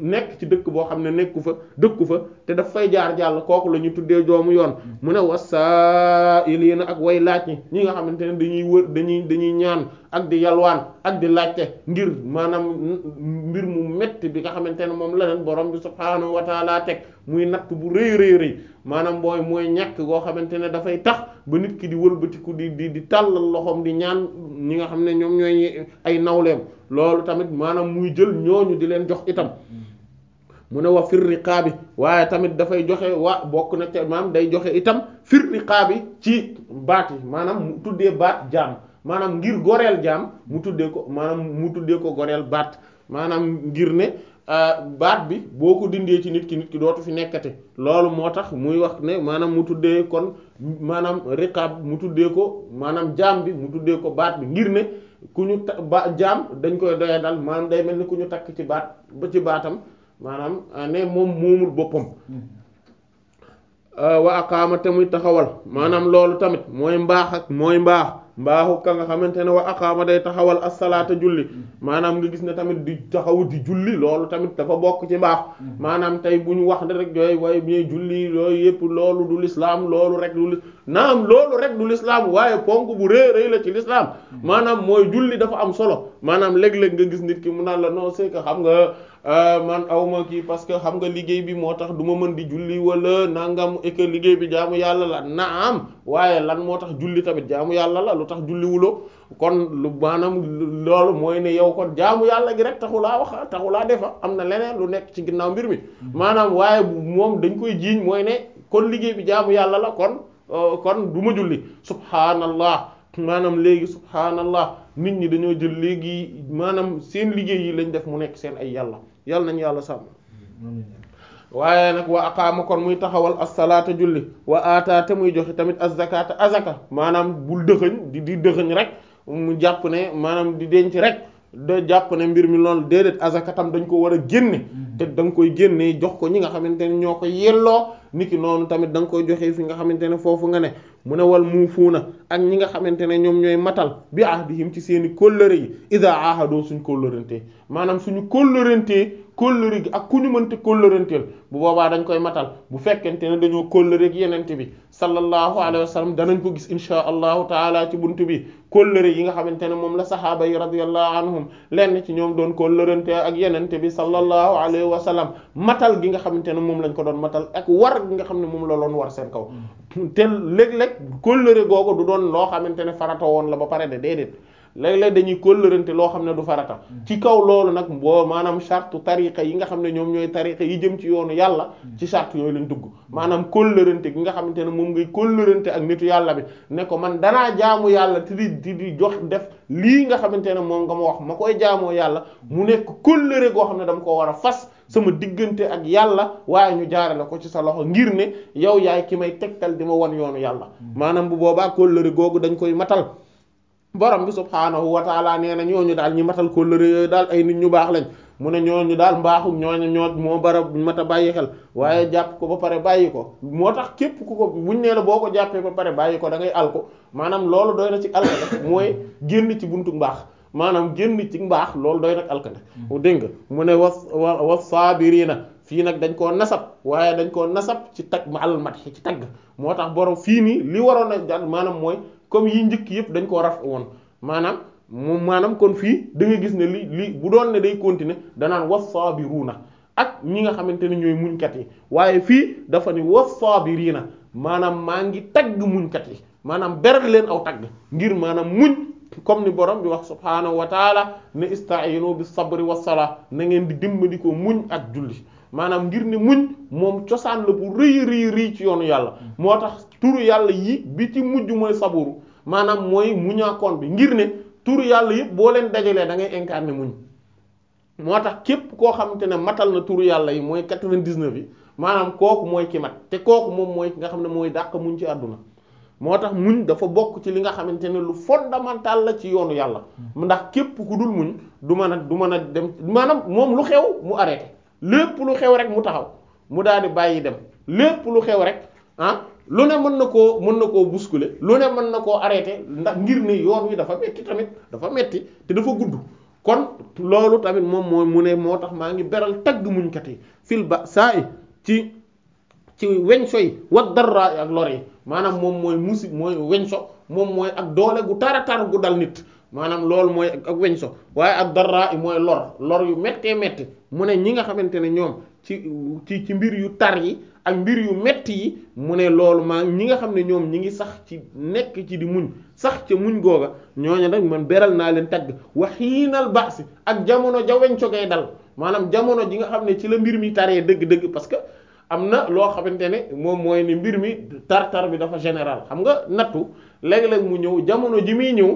nekk ci dëkk boo xam ne nekku fa dëkku fa te daf fay jaar jàll kooku la ñu tuddee joomu yoon mu ne was wasaa'iliina ak way laaj ñi ñi nga xamante ne dañuy wër dañuy dañuy ñaan ak di yalwaan ak di laajte ngir maanaam mbir mu metti bi nga xamante ne moom la borom bi subhaanahu wa taala teg muy natt bu rëy rëy maanaam mooy mooy ñàkk goo xamante ne dafay tax ba nit ki di wëlbatiku di di di tàllal loxoom di ñaan ñi nga xam ne ñoom ñooy ay nawleem loolu tamit maanaam muy jël ñooñu di leen jox itam mu ne wa fir riqaabi waaye tamit dafay joxe wa bokk na te maam day joxe itam fir riqaabi ci baat yi maanaam mu tuddee baat jaam maanaam ngir goreel jaam mu tuddee ko maanaam mu tuddee ko goreel baat maanaam ngir ne euh, baat bi boo ko dindee ci nit ki nit ki dootu fi nekkate loolu moo tax muy wax ne maanaam mu tuddee kon maanaam riqaab mu tuddee ko maanaam jaam bi mu tuddee ko baat bi ngir ne ku ñu ta ba jaam dañ koy doya dal maanaam day mel ni ku ñu takk ci baat ba ci baatam maanaam ah, ne moom moomul boppam mm-hmm. ah, wa aqaama te muy taxawal maanaam loolu tamit mooy mbaax ak mooy mbaax mbaa ka nga xamante ne wa aqaama day taxawal asalaata julli mm. maanaam nga gis ne tamit di taxaw di julli loolu tamit dafa bokk ci mbaax mm. maanaam tey bu ñu wax ne rek yooyu waaye ñuy julli yooyu yëpp loolu du lislaam loolu rek du loolu rek du lislaam waaye ponk bu rëy rëy la ci lislaam mm. maanaam mooy julli dafa am solo maanaam léeg-léeg nga gis nit ki mu naan la non c'est xam nga Euh, man awma kii parce que xam nga liggéey bi moo tax duma mën di julli wala nangam et liggéey bi jaamu yàlla la am waaye lan moo tax julli tamit jaamu yàlla la lu tax julli wulo kon lu maanaam loolu mooy ne yow kon jaamu yàlla gi rek taxulaa wax taxulaa defa am na leneen lu nekk ci ginnaaw mbir mi mm-hmm. maanaam waaye moom dañ koy jiiñ mooy ne kon liggéey bi jaamu yàlla la kon euh, kon du ma julli subhaanallah maanaam léegi subhaanallah nit ñi dañoo jël léegi maanaam seen liggéey yi lañ def mu nekk seen ay yàlla yàlla nañ yàlla sàmm waaye nag wa aqaama kon muy taxawal as-salaata julli wa aataa muy joxe tamit az-zakaata azaka maanaam bul dëxëñ di di dëxëñ rek mu jàpp ne maanaam di denc rek da jàpp ne mbir mi loolu déedéet azakatam dañ ko war a génne mm-hmm. te danga koy génne jox ko ñi nga xamante ne ñoo ko yelloo ki noonu tamit da nga koy joxe fi nga xamante ne foofu nga ne mu ne wal muufuuna ak ñi nga xamante ne ñoom ñooy matal bi ahdihim ci seen i kóllëre yi iza ahadoo suñ kóllërante maanaam suñu kóllërante kóllëre gi ak ku ñu mënti kóllëranteel bu boobaa dañ koy matal bu fekkente ne dañoo kóllëre ak yenente bi sallallahu alayhi wa sallam danañ ko gis insha allahu taala ci bunt bi kóllëre yi nga xamante ne moom la saxaaba yi radiyallahu anhum lenn ci ñoom doon kóllërante ak yenente bi sallallahu alayhi wa sallam matal gi nga xamante ne moom lañ ko doon matal ak war gi nga xam ne moom la doon war seen kaw mm. te léeg-léeg kóllëre googu du doon loo xamante ne farata woon la ba pare de déedéet léeg-léeg dañuy kóllërante loo xam ne du farata mm. ci kaw loolu nag boo maanaam charte tariqa yi nga xam ne ñoom ñooy tariqa yi jëm ci yoonu yàlla mm. ci charte yooyu lañ dugg mm. maanaam kóllërante gi nga xamante ne moom ngay kóllërante ak nitu yàlla bi ne ko man danaa jaamu yàlla te di di jox def lii nga xamante ne moom nga ma wax ma koy jaamoo yàlla mu nekk kóllëre goo xam ne dama ko war a fas sama diggante ak yàlla waaye ñu jaarale ko ci sa loxo ngir ne yow yaay ki may tegtal di ma wan yoonu yàlla maanaam bu boobaa kóllëre googu dañ koy matal borom bi subhaanahu wa taala nee na ñooñu daal ñi matal kóllëre yooyu daal ay nit ñu baax lañ mu ne ñooñu daal mbaaxu ñooñu ñoo moo bara mat a bàyyi xel waaye jàpp ko ba pare bàyyi ko moo tax képp ku ko buñ nee boo ko jàppee ba pare bàyyi ko da al ko maanaam loolu doy ci alkane mooy génn ci buntu mbaax maanaam génn ci mbaax loolu doy nag alkane dégg nga mu ne was was saabirina fii nag dañ koo nasab waaye dañ koo nasab ci tag ma alal mat ci tagg moo tax borom fii nii li waroon a jàll maanaam mooy comme yi njëkk yëpp dañ ko raf woon maanaam moom maanaam kon fii da gis ne li li bu doon ne day continuer danaan was na ak ñi nga xamante ne ñooy muñkat yi waaye fii dafa ne ni was na maanaam maa ngi tagg muñkat yi maanaam beral leen aw tagg ngir maanaam muñ comme ni borom bi wax subhaanahu wa taala ne ista'iinu bis sabri was salaa na ngeen di dimbali ko muñ ak julli maanaam ngir ne muñ moom cosaan la bu rëy rëy rëy ci yoonu yàlla mm. moo turu yàlla yi bi ci mujj mooy saburu maanaam mooy muñaakoon bi ngir ne turu yàlla yëpp boo leen dajalee dangay ngay incarner muñ moo tax képp koo xamante ne matal na turu yàlla yi mooy quatre-vingt-dix-neuf yi maanaam kooku mooy ki mat te kooku moom mooy ki nga xam ne mooy dàq muñ ci àdduna moo tax muñ dafa bokk ci li nga xamante ne lu fondamental la ci yoonu yàlla ndax képp ku dul muñ du mën a du mën a dem maanaam moom lu xew mu arrêté lépp lu xew rek mu taxaw lu ne mën na koo mën na koo bousculer lu ne mën na koo arrêter ndax ngir ne yoon wi dafa metti tamit dafa metti te dafa gudd kon loolu tamit moom moo mu ne moo tax maa ngi beral tagg muñkat yi fil ba saa yi ci ci weñso yi wat darra ak lor yi maanaam moom mooy musib mooy weñso moom mooy ak doole gu tara tar gu dal nit maanaam loolu mooy ak weñso waaye ak daraa yi mooy lor lor yu méttee métti mu ne ñi nga xamante ne ñoom ci ci ci mbir yu tar yi ak mbir yu metti yi mu ne loolu maa ñi nga xam ne ñoom ñi ngi sax ci nekk ci di muñ sax ca muñ googa ñooñu nag man beral naa leen tagg waxiinal si ak jamono jaweñ cogee dal maanaam jamono ji nga xam ne ci la mbir mi taree dëgg-dëgg parce que am na loo xamante ne moom mooy ne mbir mi tar-tar bi dafa général xam nga nattu léeg-léeg mu ñëw jamono ji muy ñëw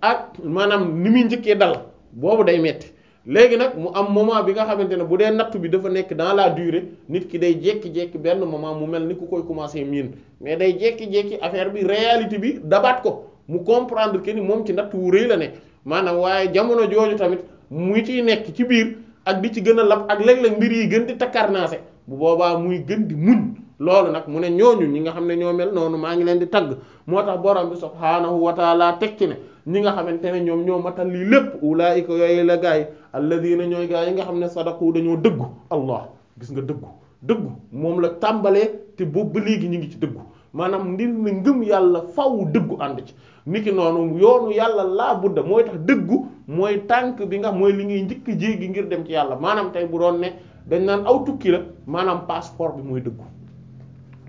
ak maanaam ni muy njëkkee dal boobu day metti léegi nag mu am moment bi nga xamante ne bu dee nattu bi dafa nekk dans la durée nit ki day jékki-jékki benn moment mu mel ni ku koy commencer miin mais day jékki-jékki affaire bi réalité bi dabaat ko mu comprendre que ni moom ci nattu wu rëy la ne maanaam waaye jamono jooju tamit muy ciy nekk ci biir ak di ci gën a lab ak léeg-léeg mbir yi gën di takkarnaase bu boobaa muy gën di muñ loolu nag mu ne ñooñu ñi nga xam ne ñoo mel noonu maa ngi leen di tagg moo tax borom bi subhaanahu wa taala teg ci ne ñi nga xamante ne ñoom ñoo matal lii lépp ulaa'ika yooyu la gaay alladina ñooy gaa yi nga xam ne sadaqu dañoo dëggu allah gis nga dëggu dëggu moom la tàmbalee te boobu ba léegi ñu ngi ci dëggu maanaam ndir na ngëm yàlla faw dëggu ànd ci niki noonu yoonu yàlla laa budda mooy tax dëggu mooy tànk bi nga mooy li ngay njëkk jéegi ngir dem ci yàlla maanaam tey bu doon ne dañ naan aw tukki la maanaam passeport bi mooy dëggu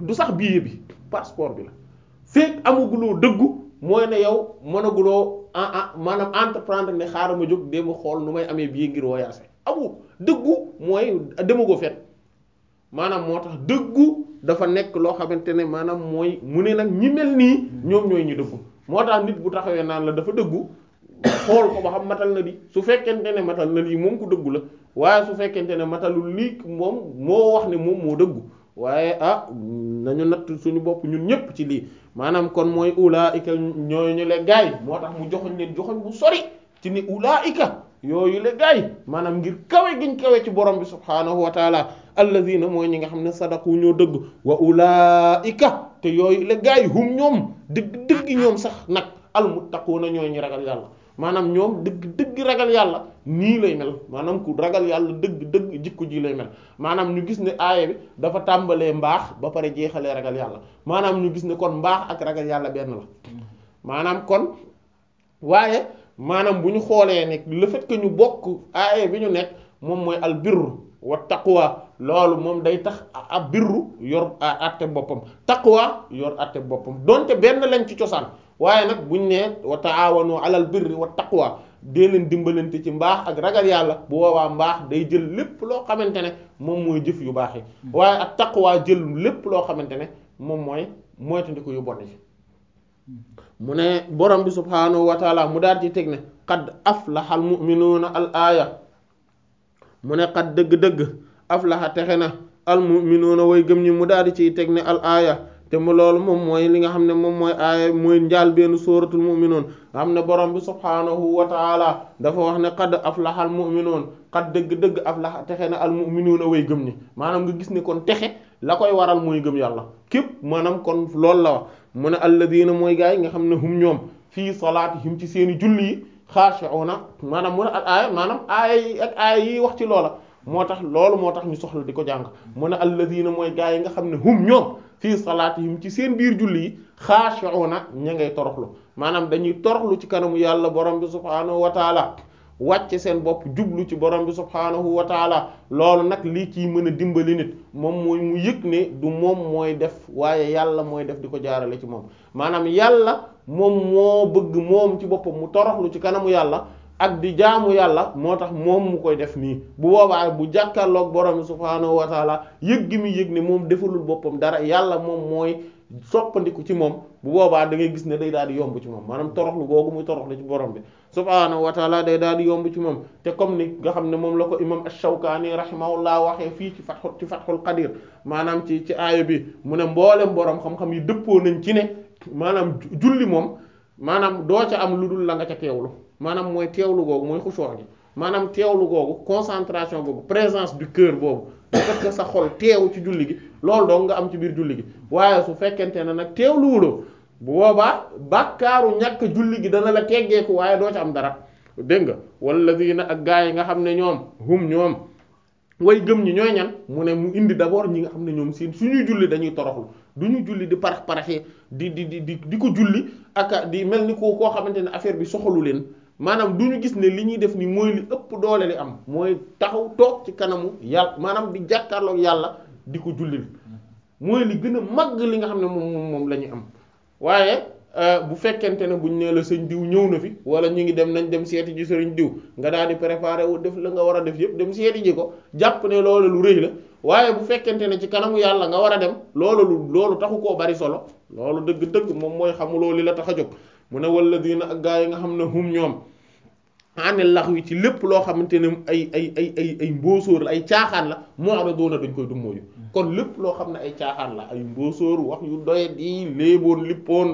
du sax billet bi passeport bi la fekk amaguloo dëggu mooy ne yow mënaguloo ah maanaam entreprendre ne xaaral ma jóg dem xool nu may amee billet ngir voyage abu dëggu mooy demagoo fet maanaam moo tax dëggu dafa nekk loo xamante ne maanaam mooy mu ne nag ñi mel nii ñoom ñooy ñu dëggu moo tax nit bu taxawee naan la dafa dëggu xool ko ba xam matal na di su fekkente ne matal na lii moom ku dëggu la waaye su fekkente ne matalul lii moom moo wax ne moom moo dëggu waaye ah nañu natt suñu bopp ñun ñépp ci lii maanaam kon mooy ulaika ñooñu le gaay moo tax mu joxoñ leen joxoñ bu sori ci ni ulaika yooyu le gaay maanaam ngir kawe giñ kawe ci borom bi subhaanahu wa taala alladina mooy ñi nga xam ne sadaqu ñoo dëgg wa ulaika te yooyu le gaay hum ñoom dëgg dëgg ñoom sax nag almuttaquuna ñooy ñi ragal yàlla maanaam ñoom dëgg dëgg ragal yàlla nii lay mel maanaam ku ragal yàlla dëgg dëgg jikko ji lay mel maanaam ñu gis ne aaya bi dafa tàmbalee mbaax ba pare jeexalee ragal yàlla maanaam ñu gis ne kon mbaax ak ragal yàlla benn la maanaam kon waaye maanaam bu ñu xoolee ne le fait ñu bokk aaya bi ñu nekk moom mooy al birru wa takkuwaa loolu moom day tax ab birru yor atte boppam takkuwaa yor atte boppam donte benn lañ ci cosaan waaye nag buñ nee wa alal birri wa takkuwaa dee leen dimbalante ci mbaax ak ragal yàlla bu boobaa mbaax day jël lépp loo xamante ne moom mooy jëf yu baax yi mm. waaye ak lépp loo xamante ne moom mooy moytandiku yu bon yi mm. mu ne borom bi subhaanahu wa taala mu daal ci teg ne qad aflaxal muminuuna al aaya mu ne qad dëgg-dëgg aflaxa texe na al muminuuna way gëm ñi mu daal di ciy teg ne al aaya te mu moom mooy li nga xam ne moom mooy aaya mooy njaal benn sóoratul mu'minuun nga xam ne borom bi subhaanahu wa taala dafa wax ne qad aflaha al mu'minuun qad dëgg-dëgg aflaha texe na al mu'minuuna way gëm ñi maanaam nga gis ne kon texe la koy waral mooy gëm yàlla képp maanaam kon loolu la wax mu ne alladina mooy gars yi nga xam ne hum ñoom fii salaatihim ci seen i julli yi xaashi'uuna maanaam mu ne ak aaya maanaam aaya yi ak wax ci loola moo tax loolu moo tax ñu soxla di ko jàng mu ne alladina mooy gars yi nga xam ne hum ñoom fii salaatihim ci seen biir julli yi xaashi'una ña ngay toroxlu maanaam dañuy toroxlu ci kanamu yàlla borom bi subhaanahu wa taala wàcce seen bopp jublu ci borom bi subhaanahu wa taala loolu nag lii ciy mën a dimbali nit moom mooy mu yëg ne du moom mooy def waaye yàlla mooy def di ko jaarale ci moom maanaam yàlla moom moo bëgg moom ci boppam mu toroxlu ci kanamu yàlla ak di jaamu yàlla moo tax moom mu koy def nii bu boobaa bu jàkkaarloog borom subhaanahu wa taala yëg gi mu yëg ne moom defalul boppam dara yàlla moom mooy soppandiku ci moom bu boobaa da ngay gis ne day daal di yomb ci moom maanaam toroxlu googu muy toroxlu ci borom bi subhaanahu wa taala day daal di yomb ci moom te comme ni nga xam ne moom la ko imam ash-Shawkaani rahimahullah waxee fii ci fatxul ci fatxul qadir maanaam ci ci aaya bi mu ne mboolem borom xam yi dëppoo nañ ci ne maanaam julli moom maanaam doo ca am lu dul la nga ca teewlu maanaam mooy teewlu googu mooy xushuu gi maanaam teewlu googu concentration boobu présence du cœur boobu parce que sa xol teew ci julli gi loolu dong nga am ci biir julli gi waaye su fekkente ne nag teewluwuloo bu boobaa bàkkaaru ñàkk julli gi dana la teggeeku waaye doo ci am dara dégg nga na ak gaa yi nga xam ne ñoom hum ñoom way gëm ñi ñooy ñan mu ne mu indi d'abord ñi nga xam ne ñoom seen suñuy julli dañuy toroxlu du ñu julli di parax paraxee di di di di ko julli ak di mel ni ko koo xamante ne affaire bi soxalu leen maanaam du ñu gis ne li ñuy def ni mooy li ëpp doole li am mooy taxaw toog ci kanamu yàlla maanaam di jàkkaarloog yàlla di ko jullil mooy li gën a màgg li nga xam ne moom moom la ñu am waaye euh, bu fekkente ne buñ nee la sëñ diw ñëw na fi wala ñu ngi dem nañ dem seeti ji sëriñ diw nga daal di préparer wu def la nga war a def yépp dem seeti ji ko jàpp ne loolu lu rëy la waaye bu fekkente ne ci kanamu yàlla nga war a dem loolu lu loolu taxu koo bari solo loolu dëgg-dëgg moom mooy xamuloo li la tax a jóg mu ne walla walladina ak gaa yi nga xam ne hum ñoom ane lax wi ci lépp loo xamante ne ay ay ay ay ay mboosóor la ay caaxaan la moo mu'riduna dañ koy dummóoyu kon lépp loo xam ne ay caaxaan la ay mboosóor wax yu doyet yi léeboon lippoon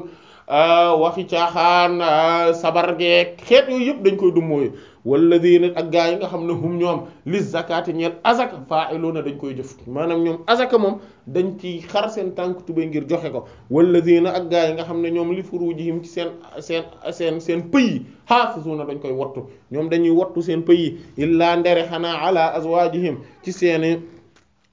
ah, waxi caaxaan ah, sabar geek xeet yooyu yëpp dañ koy dummóoyu walladina ak gaa yi nga xam ne hum ñoom li zakati ñeel azaka fa'iluna dañ koy jof maanaam ñoom azaka moom dañ ci xar seen tànk tubéy ngir joxe ko walladina ak gaa yi nga xam ne ñoom li furujihim ci seen seen seen seen pëy yi xaafisuna dañ koy wottu ñoom dañuy wottu seen pëy yi illaa ndere xanaa ala azwajihim ci seeni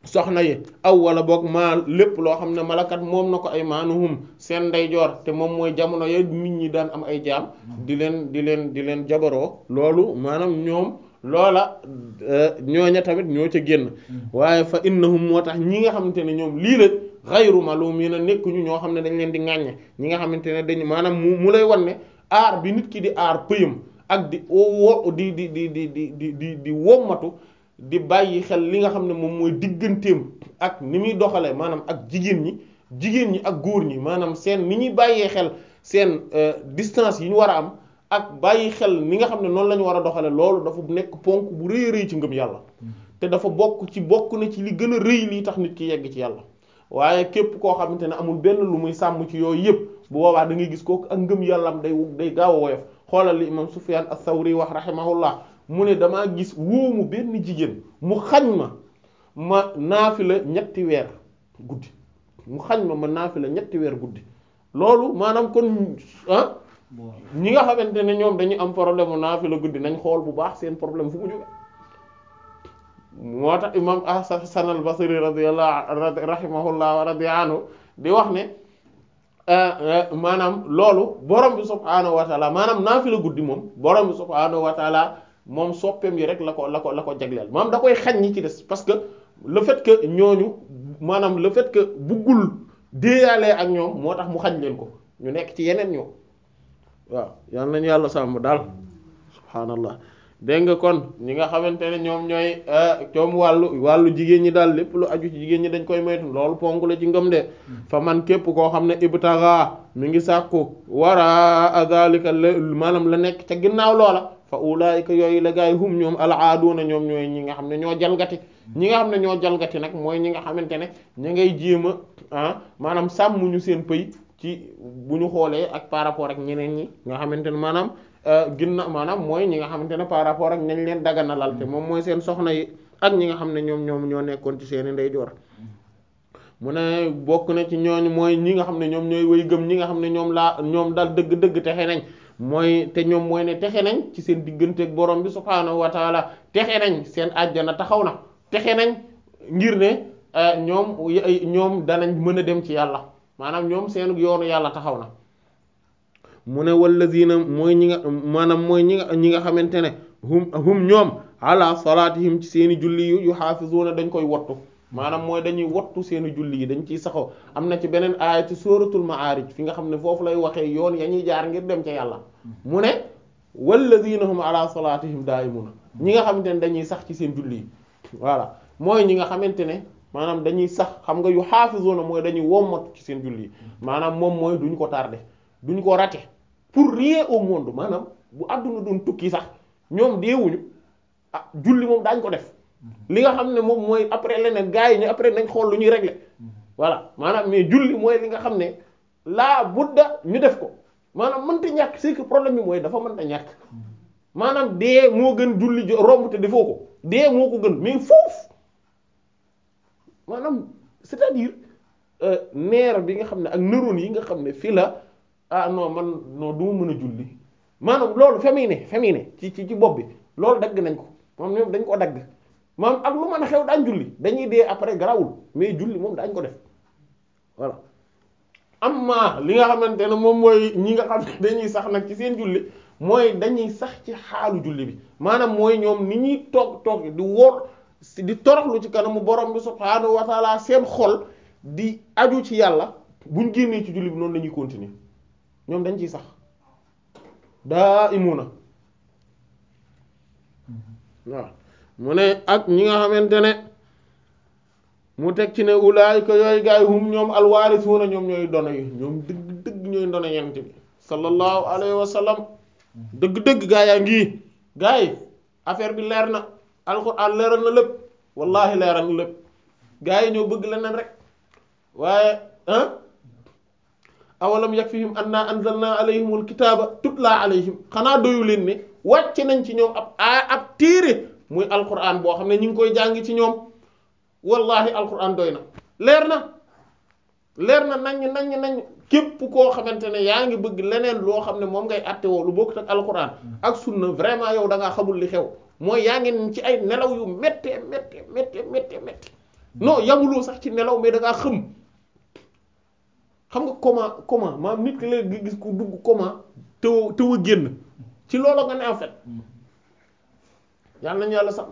soxna yi aw wala boog maa lépp loo xam ne malakat moom na ko ay maanuhum seen ndeyjoor te moom mooy jamono ya nit ñi daan am ay jaam di leen di leen di leen jabaroo loolu maanaam ñoom loola eh, ñooña tamit ñoo ca génn waaye fa innahum moo tax ñi nga xamante ne ñoom lii la xayru malumin a nekkuñu ñoo xam ne dañ leen di ŋàññe ñi nga xamante ne dañ maanaam mu mu lay wan ne aar bi nit ki di aar pëyam ak di wo di di di di di di di wommatu di bàyyi xel li nga xam ne moom mooy digganteem ak ni muy doxalee maanaam ak jigéen ñi jigéen ñi ak góor ñi maanaam seen ni ñuy bàyyee xel seen euh, distance yi ñu war a am ak bàyyi xel ni nga xam ne noonu la ñu war a doxalee loolu dafa nekk ponk bu rëy rëy ci ngëm yàlla mm-hmm. te dafa bokk ci bokk na ci li gën a rëy lii tax nit ki yegg ci yàlla waaye képp koo xamante ne amul benn lu muy sàmm ci yooyu yëpp bu boobaa da ngay gis kooku ak ngëm yàllam day day gaaw a woyof xoolal li imam Sufyan as-Sawri wax rahimahullah mu ne damaa gis wóomu benn jigéen mu xañ ma ma naafi la ñetti weer guddi mu xañ ma ma la ñetti weer guddi loolu maanaam kon ah ñi nga xamante ne ñoom dañu am problème mu la guddi nañ xool bu baax seen problème fu mu jóge moo tax imam Hasan al-Basri radiyallahu rahimahullah radiya anhu di wax ne eh, eh, maanaam loolu borom bi subhaanahu wa taala maanaam naafila guddi moom borom moom soppeem yi rek la ko la ko la ko jagleel maanaam da koy xañ ñi ci des parce que le fait que ñooñu maanaam le fait buggul déeyaalee ak ñoom moo tax mu xañ leen ko ñu nekk ci yeneen ñoo waaw yal nañu yàlla sàmm daal subhaanallah dégg nga kon ñi nga xamante ne ñoom ñooy ah, coom wàllu wàllu jigéen ñi daal lépp lu aju ci jigéen ñi dañ koy moytu loolu ponk la ci ngëm de fa man képp koo xam ne ibtaga mi ngi sàkku wara azalika la maanaam la nekk ca ginnaaw loola fa ulaayika yooyu la gaay hum ñoom alaaduuna ñoom ñooy ñi nga xam ne ñoo jalgati ñi nga xam ne ñoo jalgati nag mooy ñi nga xamante ne ñi ngay jéem a ah maanaam sàmmuñu seen pëy ci bu ñu xoolee ak par rapport ak ñeneen ñi nga xamante ne maanaam euh, ginna maanaam mooy ñi nga xamante ne par rapport ak nañ leen daganalal te moom mooy seen soxna yi ak ñi nga xam ne ñoom ñoo nekkoon ci seeni ndeyjoor mu bokk na ci ñooñ mooy ñi nga xam ne ñoom ñooy way gëm ñi nga xam ne ñoom laa ñoom dal dëgg-dëgg texe nañ mooy te ñoom mooy ne texe nañ ci seen digganteeg borom bi subhaanahu wa taala texe nañ seen àjjana taxaw na texe nañ ngir ne eh, ñoom eh, ñoom danañ mën a dem ci yàlla maanaam ñoom seen yoonu yàlla taxaw na mu ne wallazina mooy ñi nga maanaam mooy ñi nga ñi nga xamante ne hum hum ñoom ala salaatihim ci seeni julli yu yu xaafizuuna dañ koy wottu maanaam mooy dañuy wattu seeni julli yi dañ ciy saxoo am na ci beneen aaya ci sóoratul ma'aarij fi nga xam ne foofu lay waxee yoon yaa ñuy jaar ngir dem ca yàlla mu ne walladina hum ala salatihim daa'imuna ñi nga xamante ne dañuy sax ci seen julli voilà mooy ñi nga xamante ne maanaam dañuy sax xam nga yu xaafisuna mooy dañuy wommatu ci seen julli yi maanaam moom mooy duñ ko tardé duñ ko rate pour rien au monde maanaam bu àdduna doon tukki sax ñoom deewuñu ah julli moom daañ ko def li nga xam ne moom mooy après leneen gars yi ñu après nañ xool lu ñuy régler voilà maanaam mais julli mooy li nga xam ne laa budda ñu def ko maanaam mënta ñàkk c'est que problème bi mooy dafa mënta ñàkk maanaam dee moo gën julli romb te defoo ko dee moo ko gën mais foofu maanaam cest euh, bi nga xam ne ak neurones yi nga xam ne fii la ah non man non du ma mën a julli maanaam loolu fa muy ne ci ci bopp bi loolu dagg nañ ko moom dañ koo dagg. maam ak lu mën a xew daañ julli dañuy dee après garawul mais julli moom daañ ko def voilà amma li nga xamante ne moom mooy ñi nga xam ne dañuy sax nag ci seen julli mooy dañuy sax ci xaalu julli bi maanaam mooy ñoom ni ñuy toog toog di wor di toroxlu ci kanamu borom bi subhaanahu wa taala seen xol di aju ci yàlla buñ génnee ci julli bi noonu lañuy ñuy continuer ñoom dañ ciy sax daa na waaw mu ne ak ñi nga xamante ne mu teg ci ne ulaayika yooyu gaay hum ñoom alwaarisuuna ñoom ñooy dono yi ñoom dëgg dëgg ñooy dono yent bi sallallahu alayhi wa sallam dëgg-dëgg gaa yaa ngi gaa yi affaire bi leer na alxuraan leeral na lépp wallahi leeral na lépp gaa yi ñoo bëgg leneen rek waaye ah awalam yakfihim anna anzalna alayhimul kitaaba tutlaa alayhim xanaa doyu leen ne wàcce nañ ci ñëw ab ab téere muy alquran boo xam ne ñu ngi koy jàng ci ñoom wallahi alquran doy na leer na leer na nañ nañ nañ képp koo xamante ne yaa ngi bëgg leneen loo xam ne moom ngay attewoo lu bokkut ak alquran ak sunna vraiment yow dangaa xamul li xew mooy yaa ngi ci ay nelaw yu méttee méttee méttee méttee méttee non yamuloo sax ci nelaw mais dangaa ngaa xëm xam nga comment comment maam nit ki léegi gis ku dugg comment te tëw a génn ci loolu nga ne en fait. yàlla nañu yàlla sax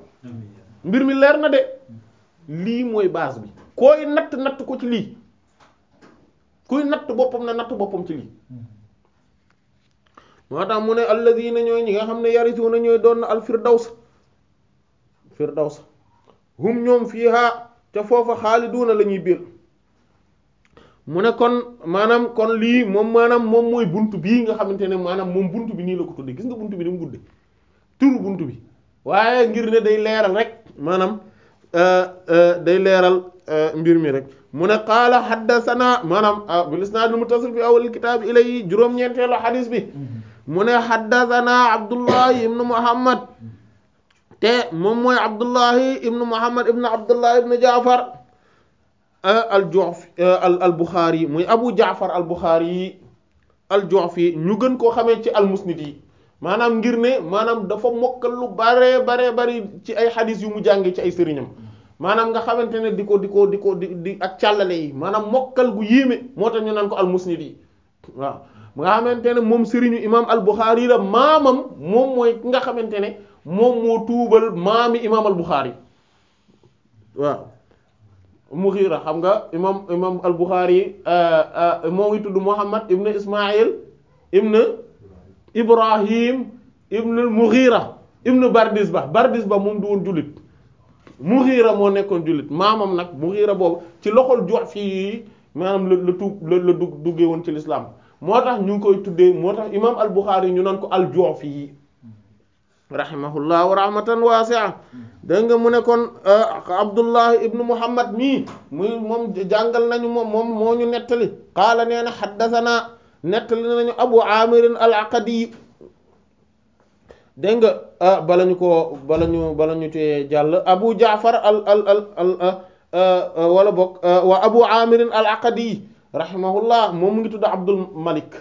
mbir mi leer na de lii mooy baas bi koy natt natt ko ci lii kuy natt boppam na natt boppam ci lii mm-hmm. mu ne alladina ñooy ñi nga xam ne yarisuna ñooy doon na al firdaws firdaws hum ñoom fiha te foofa xaaliduuna la ñuy biir mu ne kon kon lii moom maanaam moom mooy bunt bii nga xamante ne maanaam moom bunt bi nii la ko tudde gis nga bunt bi ni mu gudde turu bunt bi waaye ngir ne day leeral rek maanaam euh, euh, day leeral euh, mbir mi rek mu ne qaala xaddasana maanaam bil isnaadil muttasil fi awal kitaab ilay juróom-ñeenteelu xadis bi mu ne xaddasana abdullahi ibnu muhammad te moom mooy abdullahi ibnu muhammad ibnu abdullahi ibnu jaafar al jof al buxaari muy abu jaafar al yi al jof yi ñu gën koo xamee ci al musnid yi maanaam ngir ne maanaam dafa mokkal lu bare bare bari ci ay xadis yu mu jàngee ci ay sëriñam maanaam nga xamante ne di ko di ko di ko di di ak càllale yi maanaam mokkal gu yéeme moo tax ñu naan ko almusnid yi waaw nga xamante ne moom sëriñu imam al-Bukhari la maamam moom mooy ki nga xamante ne moom moo tuubal maami imam al-Bukhari waaw Mughira xam nga imam imam al-Bukhari euh, euh, moo ngi tudd Muhammad ibn Ismail ibn Ibrahim ibnul Mughira ibnu Bardisba ba moom du woon jullit Mughira moo nekkoon jullit maamam nag Mughira boobu ci loxol jox fii maanaam la la tuub la la duggee woon ci lislaam moo tax ñu ngi koy tuddee moo tax imaam al-Bukhari ñu naan ko al-Ju'fi yi rahimahullahu rahmatan wasi'a dégg nga mu nekkoon kon euh, Abdullahi ibnu Muhammad mii muy moom jàngal nañu moom moom moo ñu nettali qaala nee na xaddasanaa nettali nañu abu amirin al aqadi dégg nga ah, bala ñu ko bala ñu bala ñu te jàll abu jaafar al al al al ah, ah, wala bokk waa abu amirin al aqadi rahimahullah moom mu ngi tudd abdul malik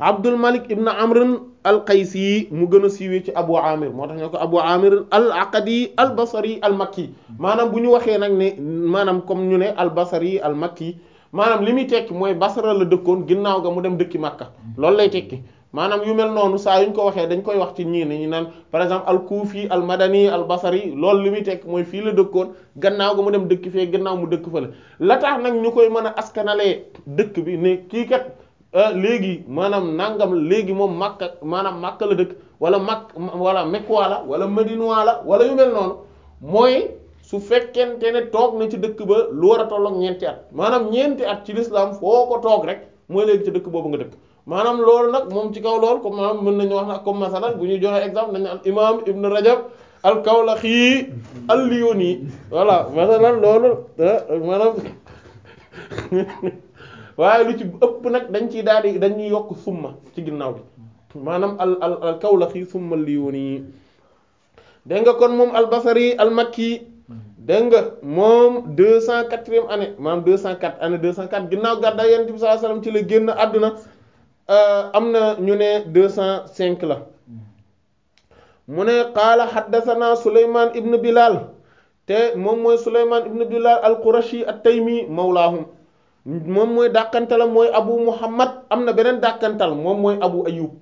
abdul malik ibn amrin al qaysi mu gën a siiwee ci abu amir moo tax ñu ko abu amir al aqadi al basri al makki maanaam bu ñu waxee nag ni maanaam comme ñu ne al basri al makki maanaam li muy tekki mooy Basra la dëkkoon ginnaaw ga mu dem dëkki màkka loolu lay tekki maanaam yu mel noonu saa yu ñu ko waxee dañ koy wax ci ñii ne ñu naan par exemple al kuufi al madani al basari loolu li muy tekki mooy fii la dëkkoon gannaaw ga mu dem dëkk fee gannaaw mu dëkk fële la tax nag ñu koy mën a askanalee dëkk bi ne kii kat euh, léegi maanaam nangam léegi moom Makka maanaam Makka la dëkk wala Makk wala Mekwa la wala Madinwa la wala yu mel mooy. su fekkente ne toog na ci dëkk ba lu war a tolloog ñeenti at maanaam ñeenti at ci lislaam foo ko toog rek mooy léegi ci dëkk boobu nga dëkk maanaam loolu nag moom ci kaw loolu comme maanaam mën nañu wax nag comme masalan bu ñuy joxe exemple nañu al imam ibnu rajab al kawlaxi al liyoni voilà masalan loolu euh, maanaam waaye lu ci ëpp nag dañ ciy daal di dañuy yokk summa ci ginnaaw bi maanaam al al al kawlaxi summa al liyoni kon moom al basari dégg nga moom deux cent quatrième année maanaam deux cent quatre année deux cent quatre ginnaaw gàddaay yonent bi sallallahu alayhi wasallam génn àdduna euh, am na ñu ne deux cent cinq la mu ne qaala xaddasanaa Souleymane Ibn Bilal te moom mooy Souleymane Ibn Bilal al-Qurashi at-Taymi mawlaahum moom mooy dàkkantalam mooy Abu Muhammad am na beneen dàkkantal moom mooy Abu Ayyub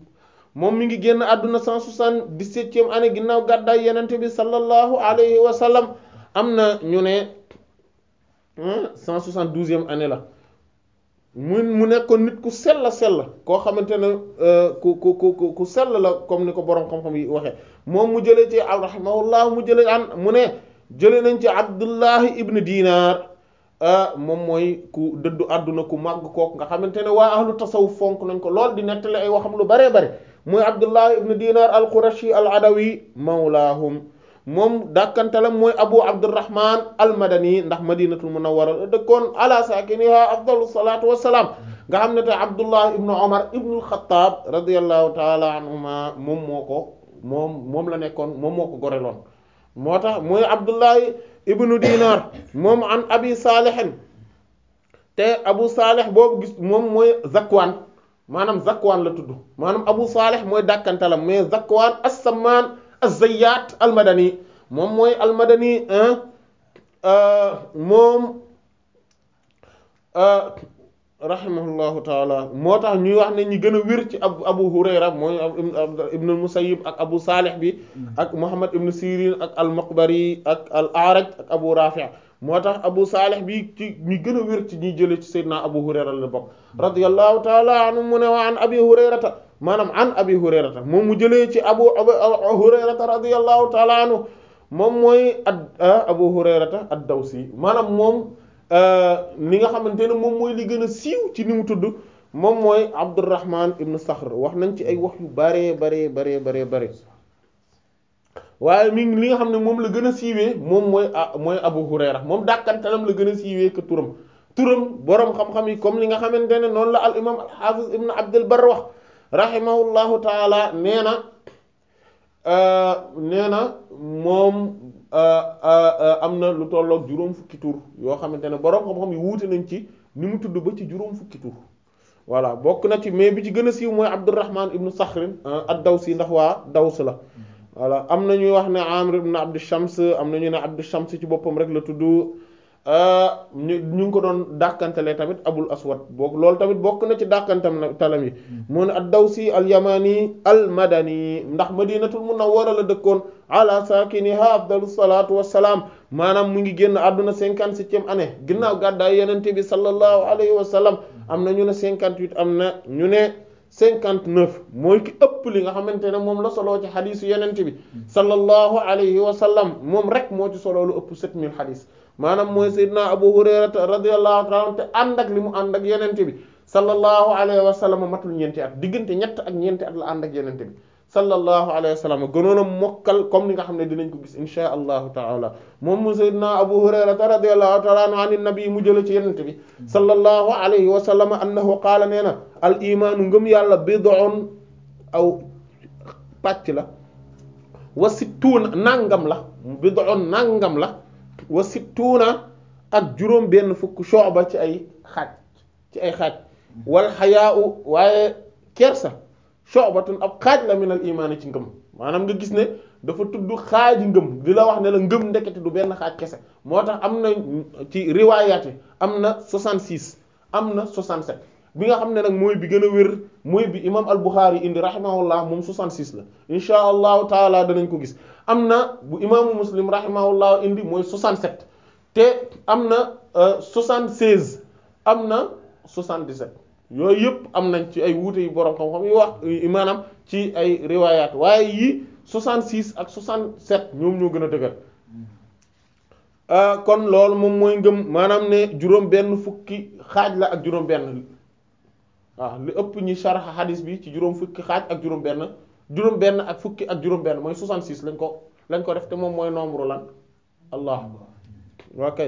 moom ngi génn àdduna cent soixante-dix-septième année ginnaaw gàddaay yonent bi sallallahu alayhi am na ñu ne cent soixante-douzième année la mu mu nekkoon nit ku sell sell koo xamante ne euh, ku ku ku ku sell la comme ni ko borom xam-xam yi waxee moom mu jëlee ci al rahimahullah mu jëlee an mu ne jëlee nañ ci Abdullahi ibn Dinar euh, moom mooy ku dëddu àdduna ku màgg kook nga xamante ne waa lu tasawuf fonk nañ ko lool di nettali ay waxam lu bare bare muy Abdullahi ibn Dinar al-Qurashi al-Adawi mawlaahum moom dàkkantalam mooy abu abdurrahman almadani ndax madinatul munawwara la dëkkoon ala saakiniha afdalu salaatu wassalaam nga xam ne te abdullah ibnu omar ibnu alxataab radiallahu taala anhuma moom moo ko moom la nekkoon moom moo ko goreloon moo tax mooy abdullahi ibnu dinar moom an abi saalehin te abu saaleh boobu gis moom mooy zakwaan maanaam zakwaan la tudd maanaam abu saaleh mooy dàkkantalam mais zakwaan assamaan az-Zayyat al-Madani moom mooy al-Madani euh, moom euh, rahimahullahu taala moo tax ñuy wax ne ñi gën a wér ci ab Abu Hurayra mooy ibn al-Musayyib ak Abu Salih bi hmm. ak Muhammad ibn ak al-Maqbari ak al-A'raj ak Abu Rafi' moo tax abu saalih bi ci ñu gën a wér ci ñuy jëlee ci sayyidina abu hurayra la bokk radiyallahu taala anhu mu ne wa an abi hurayrata maanaam an abi hurayrata moom mu jëlee ci abu hurayrata radiyallahu taala anhu moom mooy a ah, abu hurayrata ad-dawsi maanaam moom ni ah, nga xamante moom mooy li gën a siiw ci ni mu tudd moom mooy abdurrahman ibn sakhr wax nañ ci ay wax yu bare bare bare bare bare waaye mi ngi li nga xam ne moom la gën a siiwee moom mooy ah, mooy Abu Hurayra moom dàkkantalam la gën a siiwee que turam turam boroom xam-xam yi comme li nga xamante ne noonu la al imam al-Hafiz ibn Abdul Barr wax rahimahullahu taala nee na euh, nee na moom euh, euh, am na lu tollook juróom fukki tur yoo xamante ne borom xam-xam yi wuute nañ ci ni mu tudd ba ci juróom fukki tur voilà bokk na ci mais bi ci gën a siiw mooy Abdurrahman ibn Sakhrin ad-Dawsi ndax waa Daws la. voilà am na ñuy wax ne Amr ibn Abd Shams am na ñu ne Abd Shams ci boppam rek la tudd euh, ñu ñu ngi ko doon dàkkantele tamit Abul Aswad boog loolu tamit bokk na ci dàkkantam talam hmm. yi mu ne ad-Dawsi al-Yamani al-Madani ndax Madinatul Munawwara la dëkkoon ala saakiniha afdalu salaatu wassalaam maanaam mu ngi génn àdduna cinquante septième année ginnaaw gàddaay yenente bi sallallahu alayhi wa sallam hmm. am na ñu ne cinquante huit am na ñu ne cinquante neuf mooy ki ëpp li nga xamante ne moom la soloo ci xadiisu yenente bi sallallahu alayhi wa sallam moom rek moo ci solo lu ëpp sept mille xadiis maanaam mooy sayyidina abu hurayrata radiyallahu taala te ànd ak li mu ànd ak yenente bi sallallahu alayhi wa sallam matul ñeenti at diggante ñett ak ñeenti at la ànd ak yenente bi sallallahu alayhi wa sallam gënoon a mokkal comme ni nga xam ne dinañ ko gis insha allahu taala moom mu sayyidina abu hurayrata radiyallahu taala anhu an nabi mu jële ci yenent bi sallallahu alayhi wa sallam annahu qaala nee na al imaanu ngëm yàlla bid'un aw pàcc la wa sittuuna nangam la bid'un nangam la wa sittuuna ak juróom benn fukk shu'ba ci ay xaaj ci ay xaaj wal hayaa'u waaye kersa shobatun ab xaaj la minal imaani ci ngëm maanaam nga gis ne dafa tudd xaaji ngëm di la wax ne la ngëm ndekete du benn xaaj kese moo tax am na ci riwaayaat am na 66 am na 67 bi nga xam ne nag mooy bi gën a wér mooy bi imam al-Bukhari indi rahimahullah moom 66 la insha allahu taala danañ ko gis am na bu imaamu muslim rahimahullah indi mooy 67 te am na 76 euh, am na 77 yooyu yëpp am nañ ci ay wuute yu borom xam-xam yu maanaam ci ay riwaayaat waaye yii 66 ak 67 ñoom ñoo gën a dëgër hmm. ah, kon loolu moom mooy ngëm maanaam ne juróom-benn fukki xaaj la ak juróom-benn ah, li ëpp ñi sharh hadis bi ci juróom fukki xaaj ak juróom-benn juróom-benn ak fukki ak juróom-benn mooy 66 lañ ko lañ ko def te moom mooy nombre lan allah hmm. ok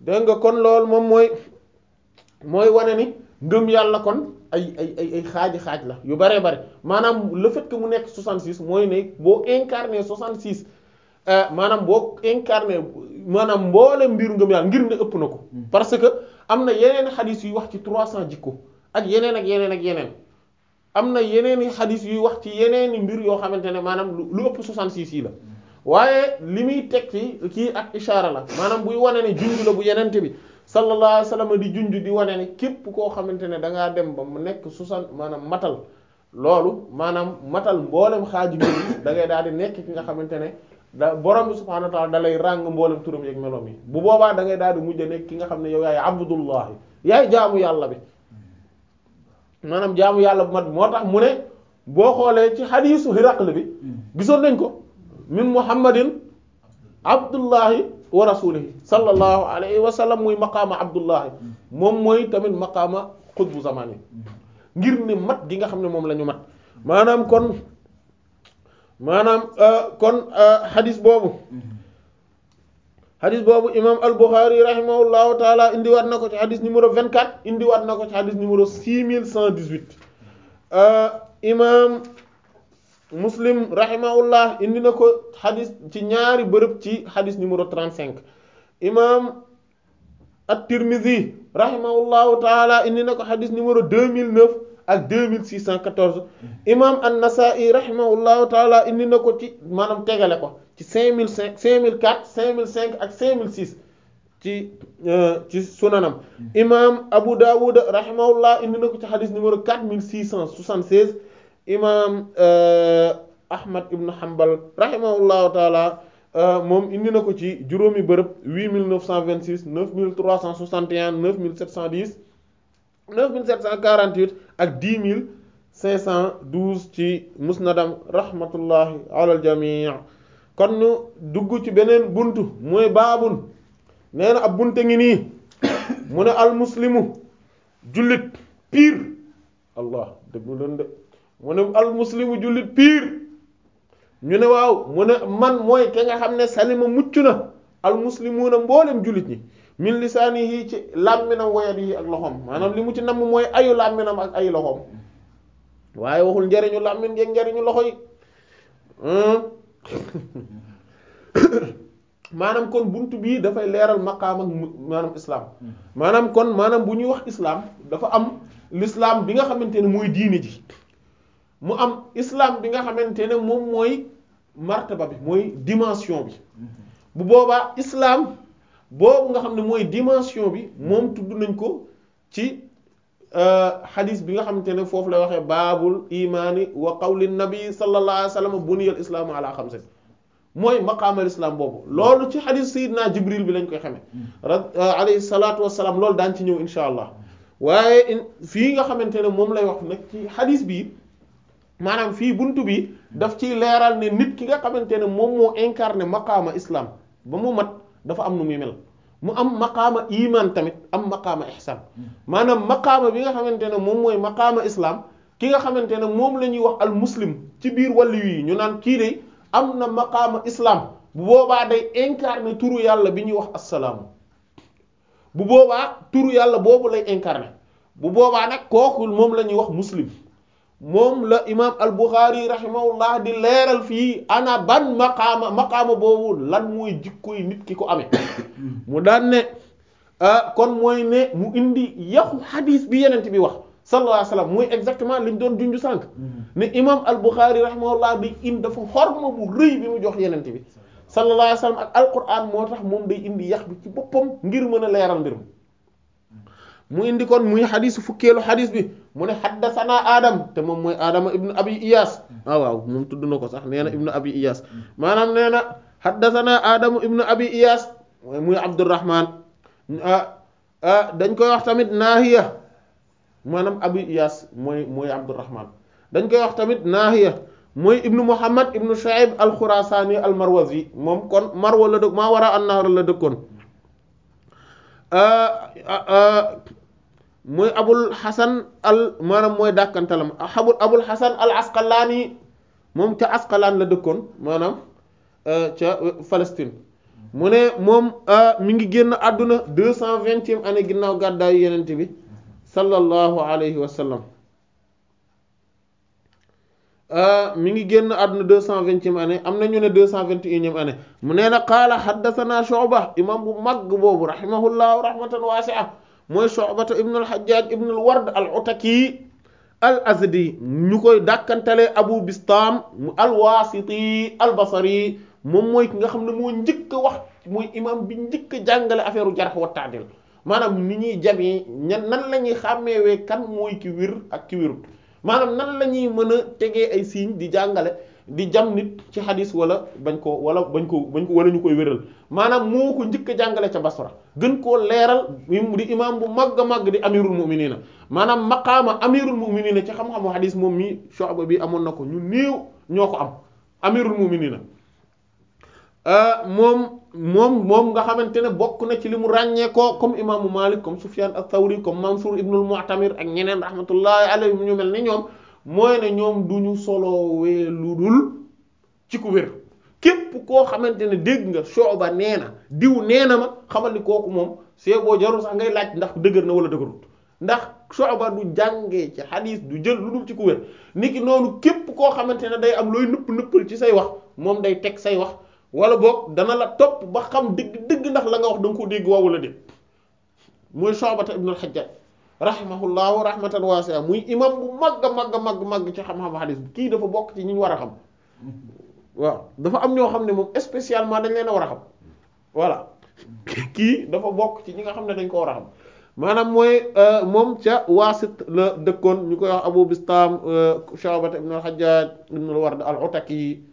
dégg nga kon loolu moom mooy mooy wane ni. ngëm yàlla kon ay ay ay xaaji xaaj la yu baree bare maanaam le fait que mu nekk 66 mooy ne boo incarné 66 euh, maanaam boo incarné maanaam mboole mbir ngëm yàlla ngir ne ëpp na ko. Hmm. parce que am na yeneen xadis yuy wax ci 300 jikko ak yeneen ak yeneen ak yeneen am na yeneen i xadis yuy wax ci yeneen mbir yoo xamante ne maanaam lu ëpp 66 yi la. Hmm. waaye li muy teg ci kii ak ishaara la maanaam buy wane ne junj la bu yenente bi. sallallahu alayhi di junj di wane ni képp koo xamante ne da ngaa dem ba mu nekk susan maanaam matal loolu maanaam matal mboolem xaaju bi dangay daal di nekk ki nga xamante ne da borom bi subhaanahu wa taala da lay ràng mboolem turam yeeg meloom yi bu boobaa dangay daal di mujj nekk ki nga xam ne yow yaay abdullahi yaay jaamu yàlla bi maanaam jaamu yàlla bu mat bi moo tax mu ne boo xoolee ci xadiisu Hiraql bi gisoon nañ ko min muhammadin abdullahi wa rasulihi sallallahu alayhi wa sallam muy maqaama abdullahi moom mooy tamit maqaama xutbu zamani ngir ne mat gi nga xam ne moom lañu ñu mat maanaam kon maanaam euh, kon xadis euh, boobu xadis boobu imam al Bukhari rahimahullahu taala indiwaat na ko ci xadis numéro 24 indiwaat na ko ci xadis numéro 6118 euh, imam muslim rahimahullah indi na ko xadis ci ñaari bërëb ci xadis numéro 35 imam at-Tirmidhi rahimahullahu taala indi na ko xadis numéro 2009 ak 2614 imam an-Nasa'i rahimahullahu taala indi na ko ci maanaam tegale ko ci cinq cinq 5004 5005 ak 5006 ci euh, ci sunanam hmm. imam Abu Dawud rahimahullah indi na ko ci xadis numéro 4676 imaam eh, Ahmad ibn Hanbal rahimahullahu taala eh, moom indi na ko ci juróomi bërëb 8926 9361 9710 9748 ak 10512 ci musnadam rahmatullahi ala al jamii kon ñu dugg ci beneen buntu mooy baabun nee na ab bunte ngi nii mu ne al muslimu jullit piir allah déglu leen de mu ne al muslimu jullit piir ñu ne waaw mu ne man mooy ke nga xam ne salima mucc na al muslimuuna mboolem jullit ñi min lisaanihi ci làmminam woyat yi ak loxoom maanaam li mu ci nam mooy ayu làmminam ak ay loxoom waaye waxul njariñu làmmin ngeeg njariñu loxo yi maanaam kon bunt bii dafay leeral maqaam ak maanaam islaam hmm. maanaam kon maanaam bu ñuy wax islaam dafa am l'islam bi nga xamante ne mooy diine ji mu am islaam bi nga xamante ne moom mooy martaba bi mooy dimension bi bu boobaa islaam boobu nga xam ne mooy dimension bi moom tudd nañ ko ci xadis euh, bi nga xamante ne foofu lay waxee baabul imaani wa qawli nabi sallallahu alayhi wa sallam buniyal islaamu ala xamsin mooy maqaamal islam boobu loolu ci xadis sayidna jibril bi lañ koy xamee ra euh, alayhi salaatu wasalaam loolu daan ci ñëw insha allah waaye fii nga xamante ne moom lay wax nag ci xadis bii maanaam fii bunt bi daf ci leeral ne nit ki nga xamante ne moom moo incarné maqaama islam ba mu mat dafa am nu muy mel mu am maqaama iman tamit am maqaama ihsan maanaam maqaama bi nga xamante ne moom mooy maqaama islam ki nga xamante ne moom la ñuy wax al ci biir wàllu yi ñu naan kii de am na maqaama islaam bu boobaa day incarné turu yàlla bi ñuy wax assalaamu bu boobaa turu yàlla boobu lay incarné bu boobaa nag kooku moom la ñuy wax muslim moom la imaam al Buxaari rahimahullah di leeral fii ana ban maqaama maqaama boobu lan mooy jikkoy nit ki ko amee mu daan ne ah, kon mooy ne mu indi yaxu xadiis bi yenent bi wax sallallahu alayhi wasallam muy exactement lañ doon junju sànq mm-hmm. ne imaam al Buxaari rahimahullah bi indi dafa xorma bu rëy bi mu jox yenent bi sallallahu alayhi wasallam ak alquran moo tax moom day indi yax bi ci boppam ngir mën a leeral mbir mi mu indi kon muy xadis fukkeelu xadis bi mu ne xaddasana Adam te moom mooy Adama ibnu abi Iyas ah waaw moom tudd na ko sax nee na ibnu maanaam nee na xaddasana Adamu ibnu abi Iyas muy Abdurrahman ah, ah, dañ koy wax tamit Naahiya abi Iyas mooy mooy dañ koy wax tamit Naahiya mooy ibnu Muhammad ibnu Shu'ayb al-Khurasani al-Marwazi moom kon Marwa la dëkk maa wara an-Nahr la dëkkoon. Ah, mooy abul xasan al maanaam mooy dàkkantalam xabul abul xasan al asqalaani moom ca asqalaan la dëkkoon maanaam euh, ca euh, Palestine mu ne moom mi ngi génn adduna deux cent vingtième année ginnaaw gàddaayu yenent bi sallallahu alayhi wa sallam mi ngi génn àdduna deux cent vingtième année euh, na ñu ne deux cent vingt et unième année mu nee na qaala xaddathana imam bu mag boobu rahimahullahu rahmatan waasi'a mooy Shu'bata ibnul Hajjaj ibnul Ward al-Ataki al-Azdi ñu koy dàkkantalee Abu Bistam al-Wasiti al-Basri moom mooy ki nga xam ne moo njëkk wax mooy imam bi njëkk a jàngale affaire jarh wa ta'dil maanaam ni ñuy jamee ñan nan lañuy ñuy xàmmeewee kan mooy ki wir ak ki wirut maanaam nan la ñuy mën a tegee ay signes di jàngale. di jam nit ci xadis wala bañ ko wala bañ ko bañ ko wala ñu koy wéral maanaam moo ko njëkk a jàngale ca Basra gën koo leeral di imaam bu màgg a màgg di amirul muminina maanaam maqaama amirul muminina ci xam moom mi Shu'ba bi amoon na ko ñu néew ñoo ko am amirul muminina euh, moom moom moom nga xamante ne bokk na ci li mu ràññeekoo ko comme imaamu Malik comme Sufyan al-Thawri comme Mansur ibnul Mu'tamir ak ñeneen rahmatullahi alayhim ñu mel ni ñoom mooy na ñoom du ñu solowee lu dul ci ku wér képp koo xamante ne dégg nga sooba nee na diw nee na ma xamal ni kooku moom see boo jarul sax ngay laaj ndax dëgër na wala dëgërut ndax Shu'ba du jàngee ci xadiis du jël lu dul ci ku wér ki noonu képp koo xamante ne day am looy nëpp nëppal ci say wax moom day teg say wax wala boog dana la topp ba xam dëgg dëgg ndax la nga wax da nga ko dégg waaw la dégg mooy Shu'ba ibn al-Hajjaj rahimahullahu rahmatan wasi'a muy imam bu màgg a màgg a màgg màgg ci xam-xam xadis bi kii dafa bokk ci ñi ñu war a xam waaw dafa am ñoo xam ne moom spécialement dañ leen war a xam voilà kii dafa bokk ci ñi nga xam ne dañ ko war a xam maanaam mooy euh, moom ca waasit la dëkkoon ñu koy wax Abu Bistam euh, Shu'ba ibn al-Hajjaj ibn al-Ward al-Ataki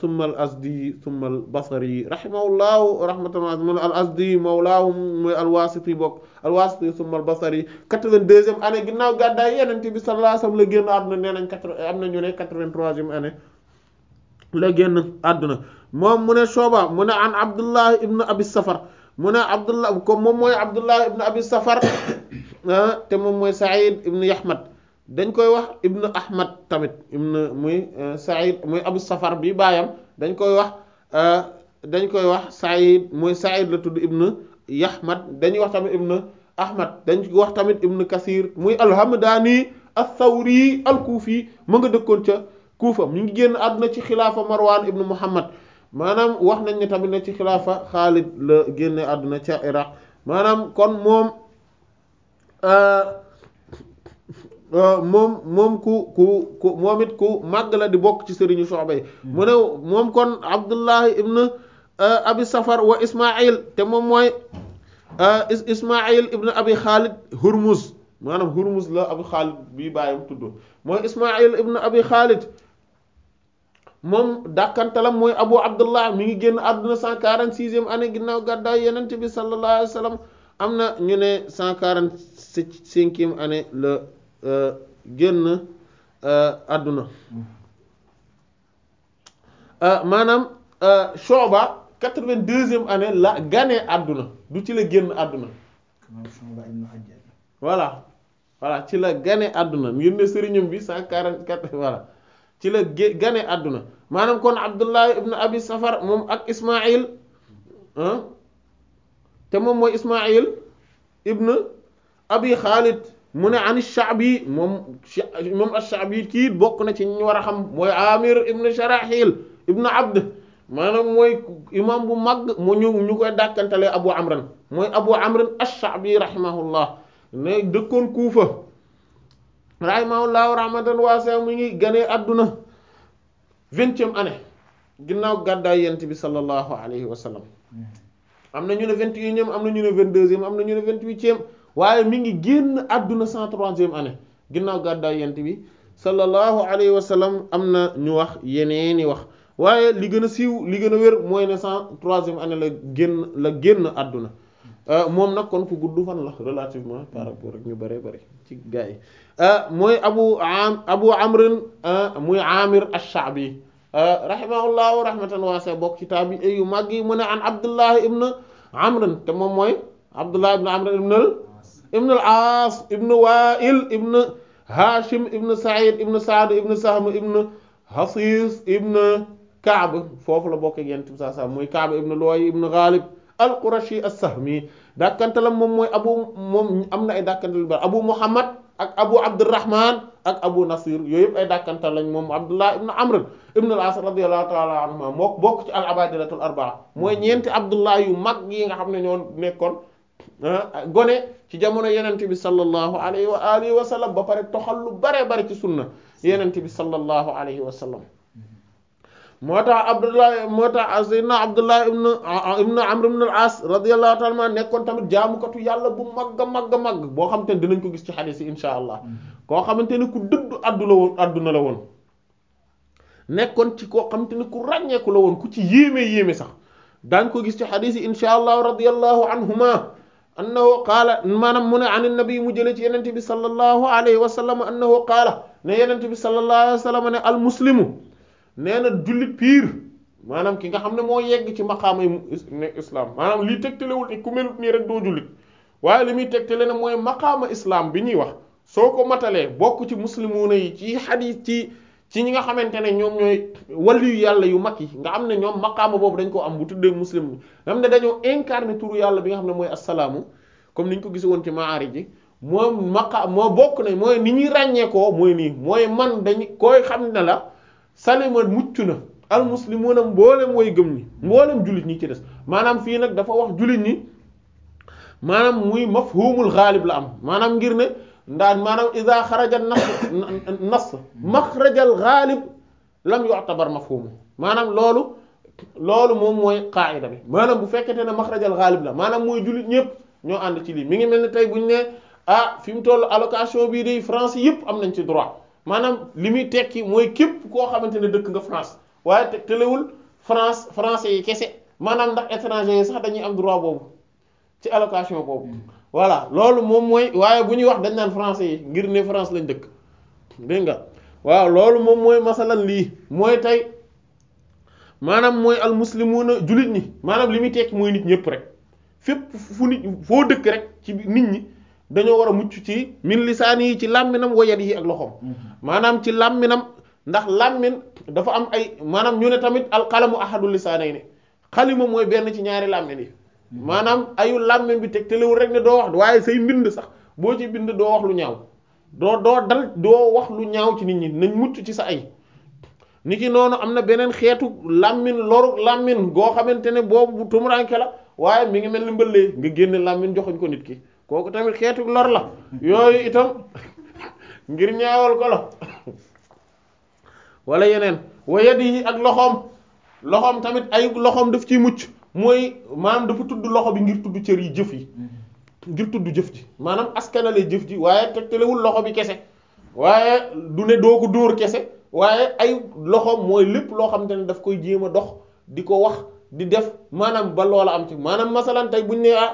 summa al asdi summa al basri rahimahullahu rahmatan mun al asdi mawlaahum mooy al wasiti bokk al wasiti summa al basri quatre-vingt-deuxième année ginnaaw gàddaay yeneen bi sallallahu alayhi wasallam la génn àdduna nee nañ quatre am na ñu ne quatre-vingt-troisième année la génn àdduna moom mu ne Shoba mu ne an Abdullah ibn Abi Safar mu ne Abdullah ko moom mooy Abdullah ibn Abi Safar ah, te moom mooy Sa'id ibn Yahmad dañ koy wax ibnu ahmad tamit ibnu muy euh, said muy abu safar bi baayam dañ koy wax euh, dañ koy wax said muy said la tudd ibnu yahmad dañuy wax tamit ibnu ahmad dañ wax tamit ibnu kasir muy alhamdani as-sawri al-kufi mu nga dëkkoon ca kuufa mu ngi génn àdduna ci xilaafa marwan ibnu muhammad maanaam wax nañ ne tamit ne ci xilaafa xaalid la génne àdduna ca iraq maanaam kon moom euh, Euh, moom moom ku ku ku moom it ku màgg la di bokk ci sëriñu Shu'ba yi hmm. mu ne moom kon Abdullah ibn euh, abi safar wa Ismail te moom mooy euh, Ismail ibn abi Khalid Hurmuz maanaam Hurmuz la abi Khalid bi bàyyam tudd mooy Ismail ibn abi Khalid moom dàkkantalam mooy Abu Abdullah mu ngi génn àdduna cent quarante sixième année ginnaaw gàddaay yenent bi sallallahu alayhi am na ñu ne cent quarante cinquième année la E, génn e, àdduna e, maanaam Shu'ba quatre-vingt-deuxième année la gane àdduna du ci la génn àdduna voilà voilà ci la gane àdduna ngir ne bi cent quarante-quatre voilà ci la gé gane àdduna maanaam kon Abdullah ibn Abi Safar moom ak Ismaïl te moom mooy Ismaïl ibn Abi Khalid mu ne ani Sha'bi moom moom ash-Sha'bi kii bokk na ci ñu war a xam mooy Amir ibn Sharahil ibn Abd maanaam mooy imam bu mag mu ñu ñu koy dàkkantalee Abu Amran mooy Abu Amran a shabi rahimahullah ne dëkkoon Kuufa rahimahullahu rahmatan waasi'a mu ngi ganee adduna vingtième année ginnaaw gàddaay yent bi sallallahu alayhi wa sallam hmm. am na ñu ne vingt-et-unième am na ñu ne vingt-deuxième am na ñu ne vingt-huitième waaye mi ngi génn àdduna cent troisième année ginnaaw gàddaay yent bi sallallahu alayhi wa sallam am na ñu wax ni wax waaye li gën a siiw li gën a wér mooy ne cent troisième année la génn la génn àdduna euh, moom nag kon fu gudd fan la relativement par rapport ak ñu bëree bëri ci gars yi euh, mooy abu am abu amrin euh, muy amir ash-sha'bi rahimahullahu rahmatan waasa bokk ci taabi yu mag yi mu ne an abdullah ibn amrin te moom mooy abdullah ibn amrin ibn ibn al-Aas ibn Wa'il ibn Hashim ibn Sa'id ibn Sa'd ibn Sahm ibn Hasis ibn Ka'b foofu la bokke ak Yonent saa mooy Ka'b ibn Lu'ay ibn Ghalib al-Qurashi as-Sahmi dàkkantalam moom mooy abu moom na ay dàkkantal ba abu Muhammad ak abu Abdurrahman ak abu Nasir yooy yëpp ay dàkkantal lañ moom Abdullah ibn Amr ibn al-As radiyallahu ta'ala anhuma ci al-abadilatul arbaa mooy ñeenti Abdullah yu mag yi nga xam ne ñoo nekkoon. Ah, gone ci jamono yenente bi sallallahu alayhi wa alihi wa sallam ba pare toxal lu bare bare ci sunna yenente bi sallallahu alayhi wa sallam moo tax abdullah moo tax saydna abdullah ibn ah, ibn amr ibn al as radiallahu taala ma nekkoon tamit jaamukatu yàlla bu magga magga magg boo xamante ne dinañ ko gis ci xadis yi insha allah koo xamante ne ku dëddu addu la woon ci koo xamante ne ku ràññeeku la ku ci yéeme yéeme ko gis ci xadis insha allah radiallahu anhuma annahu qaala maanaam mu ne an nabi mu jëlee ci yenente bi sallallahu alayhi wa sallam annahu qaala ne yenente bi sallallahu alayhi wa sallam ne al muslimu nee na jullit piir maanaam ki nga xam ne moo yegg ci maqaamay ne islaam maanaam lii tegtalewul ni ku melut nii rek doo jullit waaye li muy tegtale ne mooy maqaama islaam bi ñuy wax soo ko matalee bokk ci muslimuuna yi ci xadiis ci ci ñi nga xamante ne ñoom ñooy wàllu yàlla yu mag yi nga xam ne ñoom maqaama boobu dañ koo am bu tuddee muslim bi nga xam ne dañoo incarné turu yàlla bi nga xam ne mooy assalaamu comme ni ñu ko gis woon ci maari ji moom maqa moo bokk na mooy ni ñuy ràññee koo mooy nii mooy man dañu koy xam ne la salima mucc na al muslimuuna mboolem way gëm ñi mboolem jullit ñi ci des maanaam fii nag dafa wax jullit ñi maanaam muy mafhumul xaalib la am maanaam ngir ne ndax maanaam iza xaraja nas nas maxrajal xaalib lam yu'tabar mafhumu maanaam loolu loolu moom mooy qaayida bi maanaam bu fekkente ne maxrajal xaalib la maanaam mooy jullit ñëpp ñoo ànd ci lii mi ngi mel ne tey bu ñu nee ah fi mu toll allocation bii de France yëpp am nañ ci droit maanaam li muy tekki mooy képp koo xamante ne dëkk nga France waaye te tëlewul France français yi kese maanaam ndax étranger yi sax dañuy am droit boobu ci allocation boobu. voilà loolu moom mooy waaye bu ñuy wax dañ naan france yi ngir ne France lañ dëkk dégg nga waaw loolu moom mooy masalan lii mooy tey maanaam mooy al muslimuna jullit ñi maanaam li muy tekki mooy nit ñëpp rek fépp fu nit foo dëkk rek ci nit ñi dañoo war a mucc ci min lisaan yi ci làmminam wayat yi ak loxoom mm-hmm. maanaam ci làmminam ndax làmmin dafa am ay maanaam ñu ne tamit alqalamu ahadu lisaanayni xalima mooy benn ci ñaari làmmin yi Mhm. maanaam ayu làmmiñ bi teg tegtalewul rek ne doo wax waaye say mbind sax boo ci mbind doo wax lu ñaaw doo doo dal doo wax lu ñaaw ci nit ñi nañ mucc ci sa ay nit ki noonu am na beneen xeetu làmmiñ loru làmmiñ goo xamante ne boobu bu la waaye mi ngi mel ni mbëllee nga génne làmmiñ joxuñ ko nit ki kooku tamit xeetu lor la yooyu itam ngir ñaawal ko la wala yeneen wayadi yi ak loxoom loxoom tamit ay loxoom daf ciy mucc mooy maanaam dafa tudd loxo bi ngir tudd cër yi jëf yi mm-hmm. ngir tudd jëf ji maanaam askanale jëf ji waaye tegtalewul loxo bi kese waaye du ne doo ko dóor kese waaye ay loxo mooy lépp loo xamante ne daf koy jéem a dox di ko wax di def maanaam ba loola am ci maanaam masalan tey buñ ne ah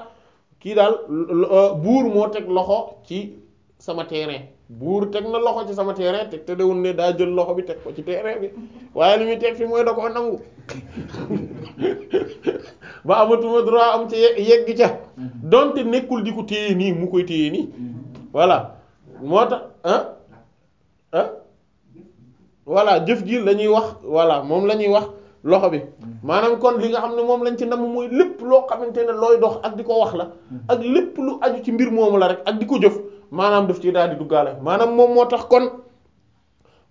kii daal euh, buur moo teg loxo ci sama terrain buur teg na loxo ci sama terrain teg te dewul ne daa jël loxo bi teg ko ci terrain bi waaye lu muy teg fi mooy da koo nangu ba amatuma droit am ci yegg ca mm-hmm. donte nekkul di ko téye nii mu koy téye nii mm-hmm. voilà moo tax ah jëf ji la ñuy wax voilà moom la ñuy wax loxo bi mm-hmm. maanaam kon li nga xam ne moom lañ ci nam mooy lépp loo xamante ne looy dox ak di ko wax la ak lépp lu aju ci mbir moomu la rek ak di ko jëf maanaam daf ci daal di duggaale maanaam moom moo tax kon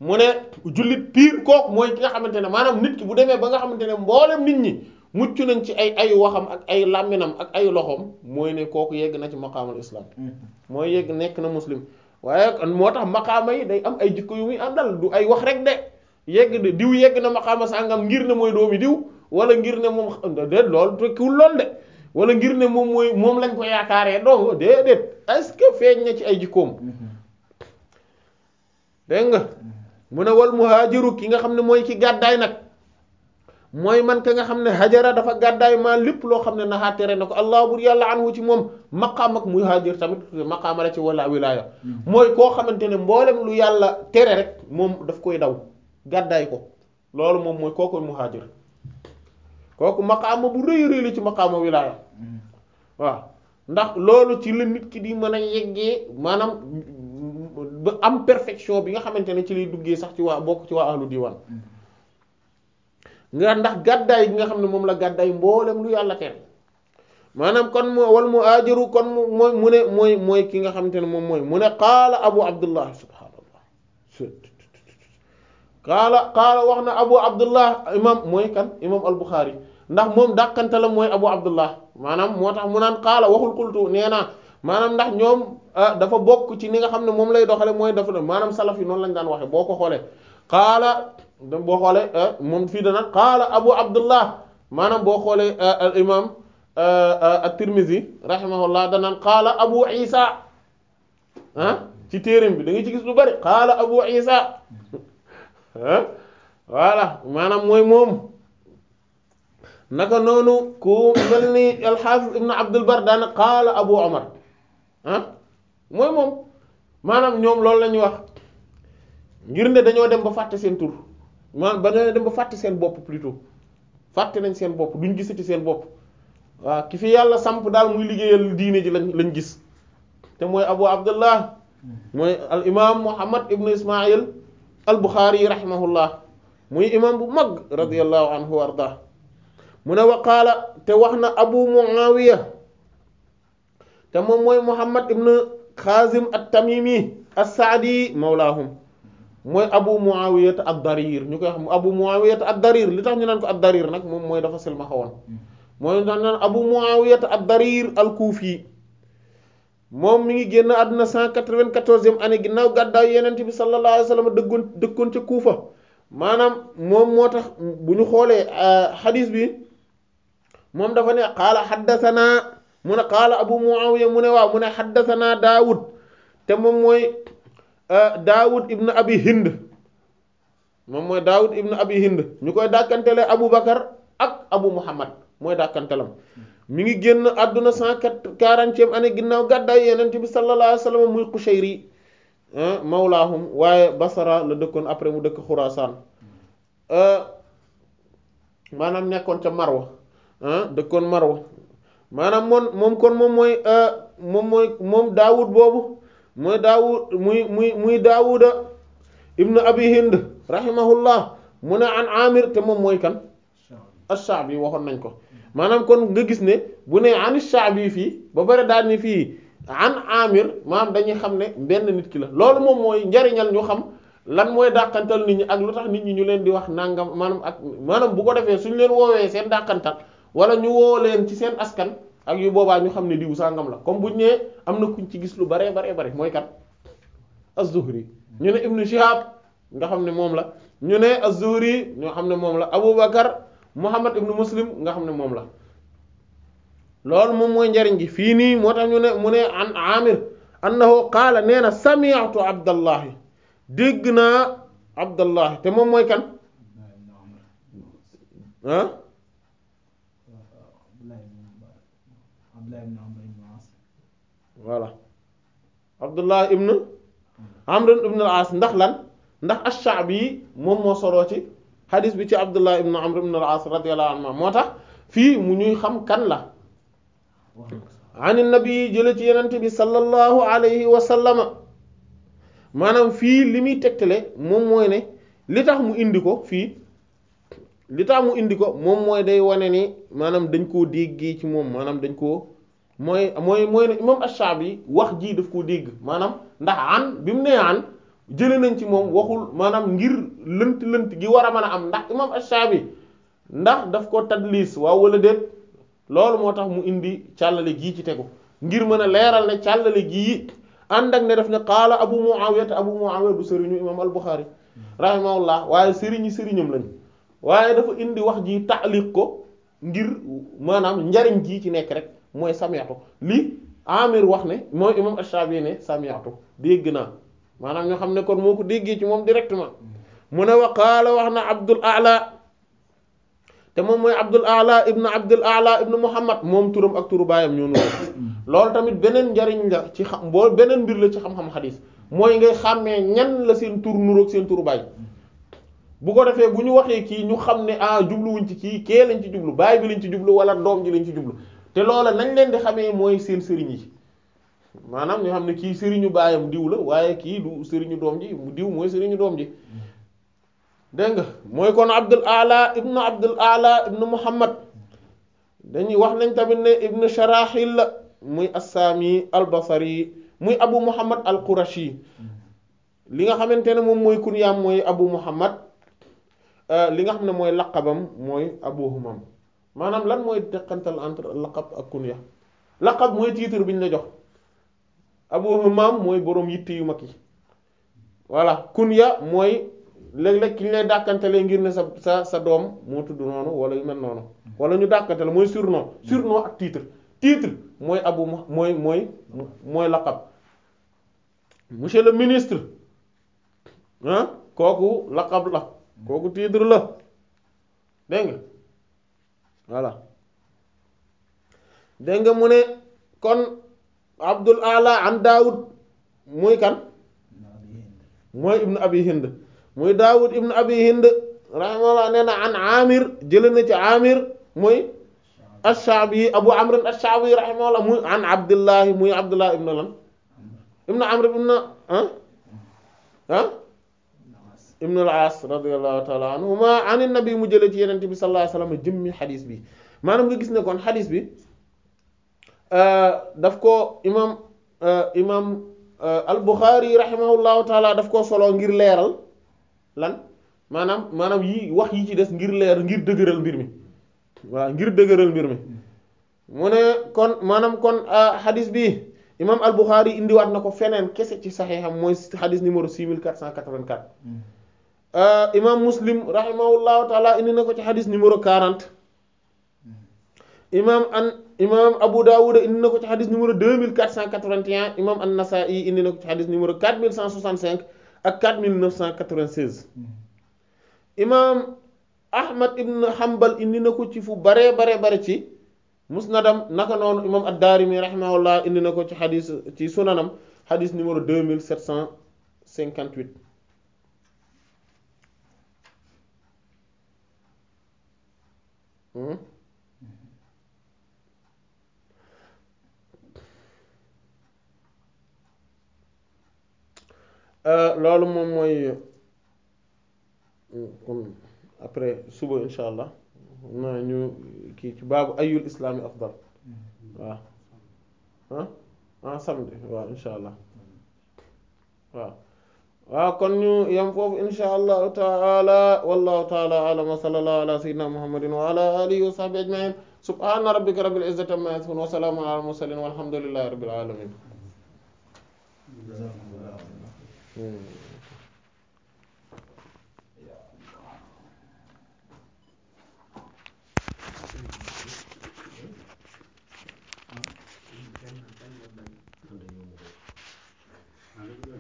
mu ne jullit piir kooku mooy ki nga xamante ne maanaam nit ki bu demee ba nga xamante ne mboolem nit ñi mucc nañ ci ay ay waxam ak ay làmminam ak ay loxoom mooy ne kooku yegg na ci maqaamal islam mooy yegg nekk na muslim waaye moo tax maqaama yi day am ay jikko yu muy àndal du ay wax rek de yegg diw yegg na maqaama sàngam ngir ne mooy doomi diw wala ngir ne moom de loolu tekkiwul lool de wala ngir ne moom mooy moom lañ ko yaakaaree dong déedéet est feeñ na ci ay jikkoom dégg nga mu ne wal muhaajiru ki nga xam ne mooy ci gàddaay nag mooy man ka nga xam ne hajara dafa gàddaay maa lépp loo xam ne naxaa tere na ko allah bur yàlla anhu ci moom maqaam ak muy haajir tamit maqaam la ci wala wilaaya mm-hmm. mooy koo xamante ne mboolem lu yàlla tere rek moom daf koy daw gàddaay ko loolu moom mooy kooku muhajir kooku maqaama bu rëy rëy la ci maqaama wilaaya mm-hmm. waaw ndax loolu ci la nit ki di mën a yeggee maanaam ba am perfection bi nga xamante ne ci lay duggee sax ci waa bokk ci waa ahlu diwaan nga ndax gàddaay gi nga xam ne moom la gàddaay mboolem lu yàlla teel maanaam kon moo wal mu aajaru kon mooy mu ne mooy mooy ki nga xamante ne moom mooy mu ne qaala abu abdullah subhaanallah qaala qaala wax na abu abdullah imam mooy kan imam al ndax moom dàqante la mooy abu abdullah maanaam moo tax mu naan xaala waxul kultu nee naa maanaam ndax ñoom ah, dafa bokk ci ni nga xam ne moom lay doxale mooy dafa maanaam salaf yi noonu lañ daan waxe ko xoolee xaala boo xoolee ah, moom fii dana xaala abu abdullah maanaam boo xoolee ah, al imam at-Tirmidhi rahimahullah danaan kaala abu isa ah ci téereem bi da nga ci gis lu bari kaala abu isa ah voilà maanaam mooy moom naka noonu ku mel ni alxaafis ibnu abdul bar daana qaala abu omar ah mooy moom maanaam ñoom loolu la ñuy wax ngir ne dañoo dem ba fàtte seen tur maa ba dañoo dem ba fàtte seen bopp plutôt fàtte nañ seen bopp duñ gisati seen bopp waaw ki fi yàlla samp daal muy liggéeyal diine ji lañ lañ gis te mooy abu abdullah mooy al imam muhammad ibnu ismail al buxaari rahimahullah muy imam bu mag radiallahu anhu wa arda mu ne waqaala te wax na abu muawiya te moom mooy muhammad ibn xazim at-tamimi as-saadi mawlaahum mooy abu muawiya ad-darir ñu koy wax abu muawiya ad-darir li tax ñu naan ko ad-darir nag moom mooy dafa silmaxa woon mooy tax ñu naan abu muawiya ad-darir al-kufi moom mi ngi génn àdduna 194e année ginnaaw gàddaaw yenent bi sallallahu alayhi wa sallam dëggoon dëkkoon ca kuufa maanaam moom moo tax bu ñu xoolee xadiis euh, bi moom dafa ne qaala xaddasanaa mu ne qaala abu muawiya mu ne waaw mu ne xaddasanaa daawud te moom mooy euh, daawud ibn abi hind moom mooy daawud ibn abi hind ñu koy dàkkantele abu bakar ak abu muhammad mooy dàkkantelam mu ngi génn àdduna cent quarantième année ginnaaw gàddaay yenente bi sallallahu alayhi wa sallam muy Qushayri mawlaahum waaye basara la dëkkoon après mu dëkk xuraasaan euh, maanaam nekkoon ca marwa ah dëkkoon Marwa maanaam moom moom kon moom mooy ah, moom mooy moom Daawud boobu mooy Daawud muy muy muy Daawuda ibnu Abi Hind rahimahullah mu ne an Amir te moom mooy kan ash-Sha'bi waxoon nañ ko maanaam kon nga gis ne bu ne an ash-Sha'bi fii ba pare daal ni fii an Amir maanaam dañuy xam ne benn nit ki la loolu moom mooy njariñal ñu xam lan mooy dàqantal nit ñi ak lu tax nit ñi ñu leen di wax nangam maanaam ak maanaam bu ko defee su ñu leen woowee seen dàqantal wala ñu woo leen ci seen askan ak yu boobaa ñu xam ne diwu sàngam la comme buñ nee am na kuñ ci gis lu baree baree bare mooy kat az ñu ne Ibn Shihab nga xam ne moom la ñu ne az-Zuhri ñoo xam ne moom la Abu Bakar Muhammad ibn Muslim nga xam ne moom la loolu moom mooy njariñ gi fii nii moo tax ñu ne mu ne an Amir annahu qaala nee na sami'tu Abdallahi dégg naa Abdallahi te moom mooy kan voilà abdullah ibn amr ibn al-aas ndax lan ndax ash yi moom moo soroo ci xadis bi ci abdullah ibn amr ibn al-aas radiyallahu moo tax fii mu ñuy xam kan la an nabi jële ci yenente bi sallallahu alayhi wa sallama maanaam fii li muy tegtale moom mooy ne li tax mu indi ko fii li tax mu indi ko moom mooy day wane ni maanaam dañ koo déggee ci moom maanaam dañ koo mooy mooy mooy ne imam Ash-Sha'bi wax jii daf koo dégg maanaam ndax an bi mu nee an jëlee nañ ci moom waxul maanaam ngir lënt lënt gi war a mën a am ndax imam ash ndax daf ko tadlis waaw wala déet loolu moo tax mu indi càllale gii ci tegu ngir mën a leeral ne càllale gii ànd ak ne def ne qaala Abu Muawiya te Abu Muawiya du sëriñu imam al-Bukhari rahimahullah waaye sëriñi sëriñam lañ waaye dafa indi wax ji taaliq ko ngir maanaam njariñ jii ci nekk rek mooy sami'tu li Amir wax ne mooy imam Ash-Shabi ne sami'tu dégg naa maanaam ñoo xam ne kon moo ko déggee ci moom directement mu ne wax qaala wax na Abdul A'la te moom mooy Abdul A'la ibn Abdul A'la ibn Muhammad moom turam ak turu baayam ñoo nuyoo loolu tamit beneen njariñ la ci xam boo beneen mbir la ci xam-xam xadiis mooy ngay xàmmee ñan la seen tur nuroog seen turu baay bu ko defee bu ñu waxee kii ñu xam ne ah jubluwuñ ci kii kee lañ ci jublu baay bi lañ ci jublu wala doom ji lañ ci jublu te loola nañ leen di xamee mooy seen sëriñ yi maanaam ñu xam ne kii sëriñu baayam diw la waaye kii du sëriñu doom ji diw mooy sëriñu doom ji dégg nga mooy kon Abdul Ala ibnu Abdul Ala ibnu Muhammad dañuy wax nañ tamit ne ibnu Sharahil la muy assami al muy Abu Muhammad al-Qurashi li nga xamante ne moom mooy kunyaam mooy Abu Muhammad euh, li nga xam ne mooy laqabam mooy Abu Humam maanaam lan mooy teqantal entre laqab ak kunya laqab mooy titre bi ñu la jox abu maam mooy boroom yitte yu mag yi voilà kunya mooy léeg-léeg ki ñu lay dàkkantalee ngir ne sa sa doom moo tudd noonu wala ñu mel noonu wala ñu dàkkantale mooy surno surno ak titre titre mooy abuma mooy mooy mooy laqab monsieur le ministre ah kooku laqab la kooku titre la dégg voilà dégg nga mu ne kon abdul ala an daawud muy kan mooy ibnu abi hind muy daawud ibnu abi hind rahimahullah nee an amir jële ci amir muy ash abu amrin ash-sha'bi muy an abdullahi muy abdullah ibnu lan ibnu amr ibnu ah, ah? ibn al-As radiyallahu taala anhuma an nabi mu jëlee ci yenente bi sallallahu alayhi wasallam jëmmi xadis bi maanaam nga gis ne kon xadis bi euh, daf ko imam euh, imam euh, al-Bukhari rahimahullahu taala daf koo solo ngir leeral lan maanaam maanaam yi wax yi ci des ngir leer ngir dëgëral mbir mi waa ngir dëgëral mbir mi mu ne kon maanaam kon xadis bi imam al-Bukhari indiwaat na ko feneen kese ci saxiixam mooy xadis numéro 6484 Euh, imaam muslim rahimahullahu taala indi na ko ci xadis numéro 40 imaam an imaam Abu Dawud indi na ko ci xadis numéro 2481 imaam an-Nasa'i indi na ko ci xadis numéro 4165 ak 4996 imaam Ahmad ibn Hanbal indi na ko ci fu bare bare bare ci musnadam naka noonu imaam ad-Darimi rahimahullah indi na ko ci xadis ci sunanam xadis numéro 2758. Mm. loolu moom mooy hmm, après suba insha allah na ñu kii ci baabu ayul islaami afdal waaw ah samedi waaw insha allah waaw waaw kon ñu yam foofu insha allahu taala wallahu taala alam wa sallallahu ala sayyidina muhammadin wa ala alihi wa sahbihi ajma'in subhana rabbika rabbil izzati amma yasifun wa salamun ala mursalin walhamdulillahi rabbil alamin